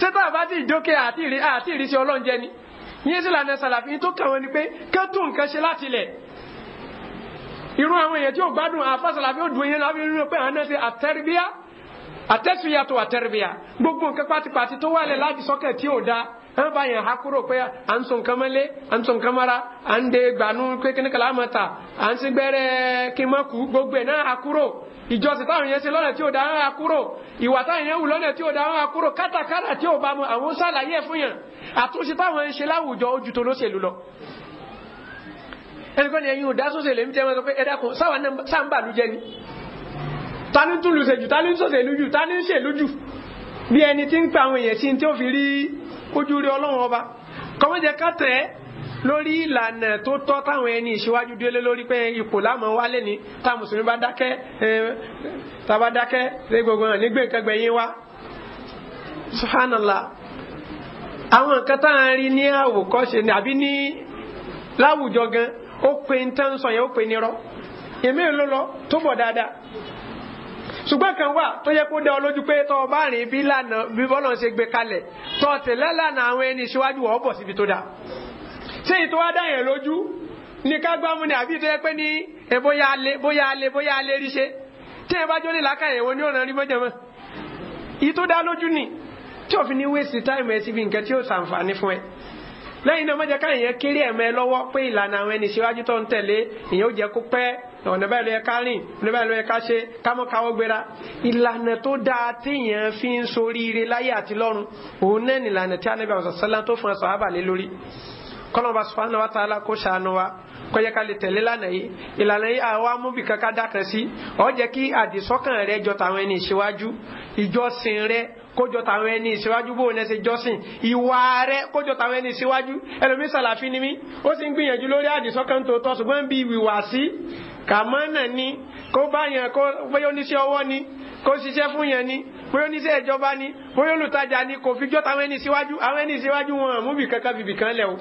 tẹ́tà bá ti dókè àti ìrísí Ọlọ́run jẹ ni yíyẹn sì lànà sàlàfin àtẹ́sùyàtọ̀ àtẹ́rẹ̀bíyà gbogbo nǹkan pátipàti tó wà lẹ̀ láti sọ́kẹ̀ tí ò da wọ́n bá yẹn ha kúrò pé à ń sùn kámẹ́lé à ń sùn kámára à ń de gbanú pé kíní kàlá mọ̀ ta à ń sin gbẹ́rẹ́ kí n má kú gbogbo ẹ̀ náà ha kúrò ìjọsìn táwọn yẹn ṣe lọ́nà tí ò da ha kúrò ìwà táwọn yẹn wù lọ́nà tí ò da ha kúrò kátàkárà tí ò bá mu àwọn sàlàyé fún yàn àtúnṣe táwọn yẹn ṣe láwùjọ ojú tó lóṣèlú lọ ẹnikọ́ni ẹ̀yin ò dá sóṣèlú ẹ̀mí tẹ́ wọn sọ pé ẹ dákun sáwọn náà sáà ń bàlújẹ ni ta ní tún lù ṣe jù ta ní sọ̀sẹ̀ lójú ta ní ṣe lójú bí ẹni tí ń pa àwọn èèyàn sí tí ó fi rí ojú rí ọlọ́run ọba kọ́mọ́jẹ kàtẹ́ lórí ìlànà tó tọ́ táwọn ẹni ìṣíwájú délé lórí pé ipò láàmú wálé ni tá mùsùlùmí bá dákẹ́ tá bá dákẹ́ ṣe gbogbo hàn nígbè nǹkan gbẹ̀yìn wa subhanallah àwọn nǹkan tá à ń rí ní àwòkọ́ṣe àbí ní láwùjọ gan ó pe ń tán sọ yẹn ó pe nírọ́ èmi ló lọ tó bọ̀ dáadáa ṣùgbọ́n kan wà tó yẹ kó dẹ ọ lójú pé tọ́ ọ bá rìn bí lànà bí bọ́lọ̀ ṣe gbé kalẹ̀ tọ́ ọ tẹ̀lé lànà àwọn ẹni ìṣíwájú wọ́n bọ̀ síbi tó dáa ṣé ìtọ́ wá dá yẹn lójú ní ká gbámú ni àbí ìtọ́ yẹ pé ní ẹ bóyá alẹ́ bóyá alẹ́ bóyá alẹ́ rí ṣe tí ẹ bá jó ní làákàyè wọn ní ọ̀nà rí mọ́jọ́mọ́ ìtọ́ dá lójú ni tí òfin ní wéṣì táìmù ẹ síbi nǹkan tí ó ṣàǹfààní fún ẹ lẹ́yìn náà mọ́jọ́ káyìn yẹn kéré ẹ̀mọ́ ẹ lọ́wọ́ pé ìlànà àwọn ẹni ìṣíwájú tó ń tẹ̀lé ìyẹn ó jẹ́ kó pẹ́ ọ̀nà báyìí ló yẹ ká rìn ọ̀nà báyìí ló yẹ ká ṣe ká mọ́ káwọ́ gbéra ìlànà tó dáa téèyàn fi ń soríire láyé àti lọ́run òun náà nìlànà tí anábì àwọn sọ̀sọ́lá tó fún ẹ sọ̀hábà lórí kọlọnba subahana wa taala kó ṣàánú wa kó jẹ́ ká lè tẹ̀lé lánàá yìí ìlànà yìí àwa mú bí kankan dákan sí ó jẹ́ kí àdìsọ́kàn rẹ̀ jọ tàwọn ẹni ìṣíwájú ìjọsìn rẹ̀ kójọ tàwọn ẹni ìṣíwájú bó ní ẹsẹ jọsìn ìwà rẹ̀ kójọ tàwọn ẹni ìṣíwájú ẹlòmí sàlàfí ni mí ó sì ń gbìyànjú lórí àdìsọ́kàn tó tọ́ ṣùgbọ́n bí ìwà sí kàmánà ni kó bá yẹn kó bóyá oníṣẹ́ ọwọ́ ni kó ṣiṣẹ́ fún yẹn ni bóyá oníṣẹ́ ìjọba ni bóyá olùtajà ni kò fi jọ́ tàwọn ẹni ìṣíwájú àwọn ẹni ìṣíwájú wọn àmúbì kankan bìbì kan lẹ̀ o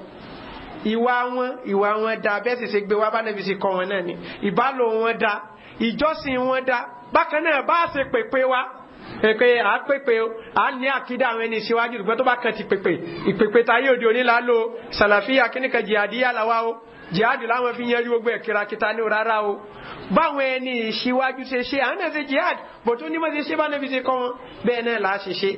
ìwà wọn ìwà wọn da bẹ́ẹ̀ sì ṣe gbé wá bánàbí sì kọ́ wọn náà ni ìbálò wọn da ìjọsìn wọn da bákan náà bá ṣe pèpè wa pèpè à pèpè o à ní àkídà àwọn ẹni ìṣíwájú ìgbọ́n tó bá kàn ti pèpè ìpèpè táyé òde òní là á lo sàlàfíà kíníkan jìhàdíyà làwa o jihadi láwọn fi yẹn rí gbogbo ẹ̀ kìrakìta ní rárá o báwọn ẹni ìṣíwájú ṣe ṣe àwọn náà ṣe jihad bó tó ní mọ̀ṣe ṣe bá náà fi ṣe kọ́ wọn bẹ́ẹ̀ náà là á ṣe ṣe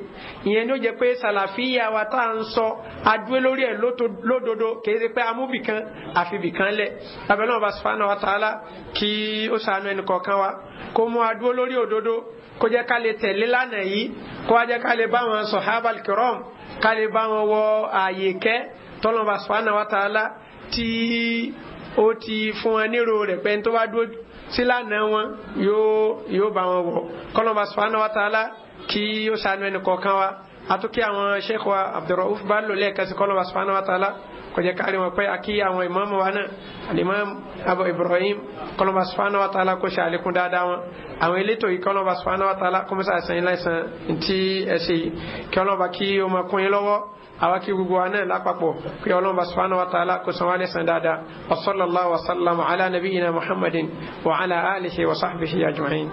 ìyẹn ló jẹ́ pé sàlàfíà wa tá à ń sọ adúlé lórí ẹ̀ lódodo kìí ṣe pé amúbìkan àfibìkan lẹ̀ abẹ́lẹ́ wọn bá subhanahu wa ta'ala kí ó ṣàánú ẹnì kọ̀ọ̀kan wa kó mú adúlé lórí òdodo kó jẹ́ ká lè tẹ̀lé lánàá yìí kó wá jẹ́ ká lè bá wọn sahaba al-kiram ká lè bá wọn wọ àyè kẹ́ tọ́lọ́mọba subhanahu wa ta'ala tí ó ti fún wọn nírò rẹ̀ pé tó bá dúró sílànà wọn yóò yóò bá wọn wọ̀ kọ́lọ́mà subhanahu wa ta'ala kí yóò sànú ẹnì kọ̀ọ̀kan wa àtúkí àwọn sheikh wa abdulrauf bello lẹ́ẹ̀kan sí kọ́lọ́mà subhanahu wa ta'ala kọjá kárí wọn pé àkí àwọn ìmáàmù wa náà alimam abu ibrahim kọ́lọ́mà subhanahu wa ta'ala kó ṣe àlékún dáadáa wọn àwọn elétò yìí kọ́lọ́mà subhanahu wa ta'ala kó mọ́sá àṣàyìn láìsàn ti ẹ̀ṣẹ̀ yìí kí ọlọ́ba kí ó máa kún yín lọ́wọ́ àwa kí gbogbo wa náà lápapọ̀ pé ọlọ́mọba subhanahu wa ta'ala kò san wálé san dáadáa wa sallallahu wa sallam ala nabiyina muhammadin wa ala alihi wa sahbihi ajma'in.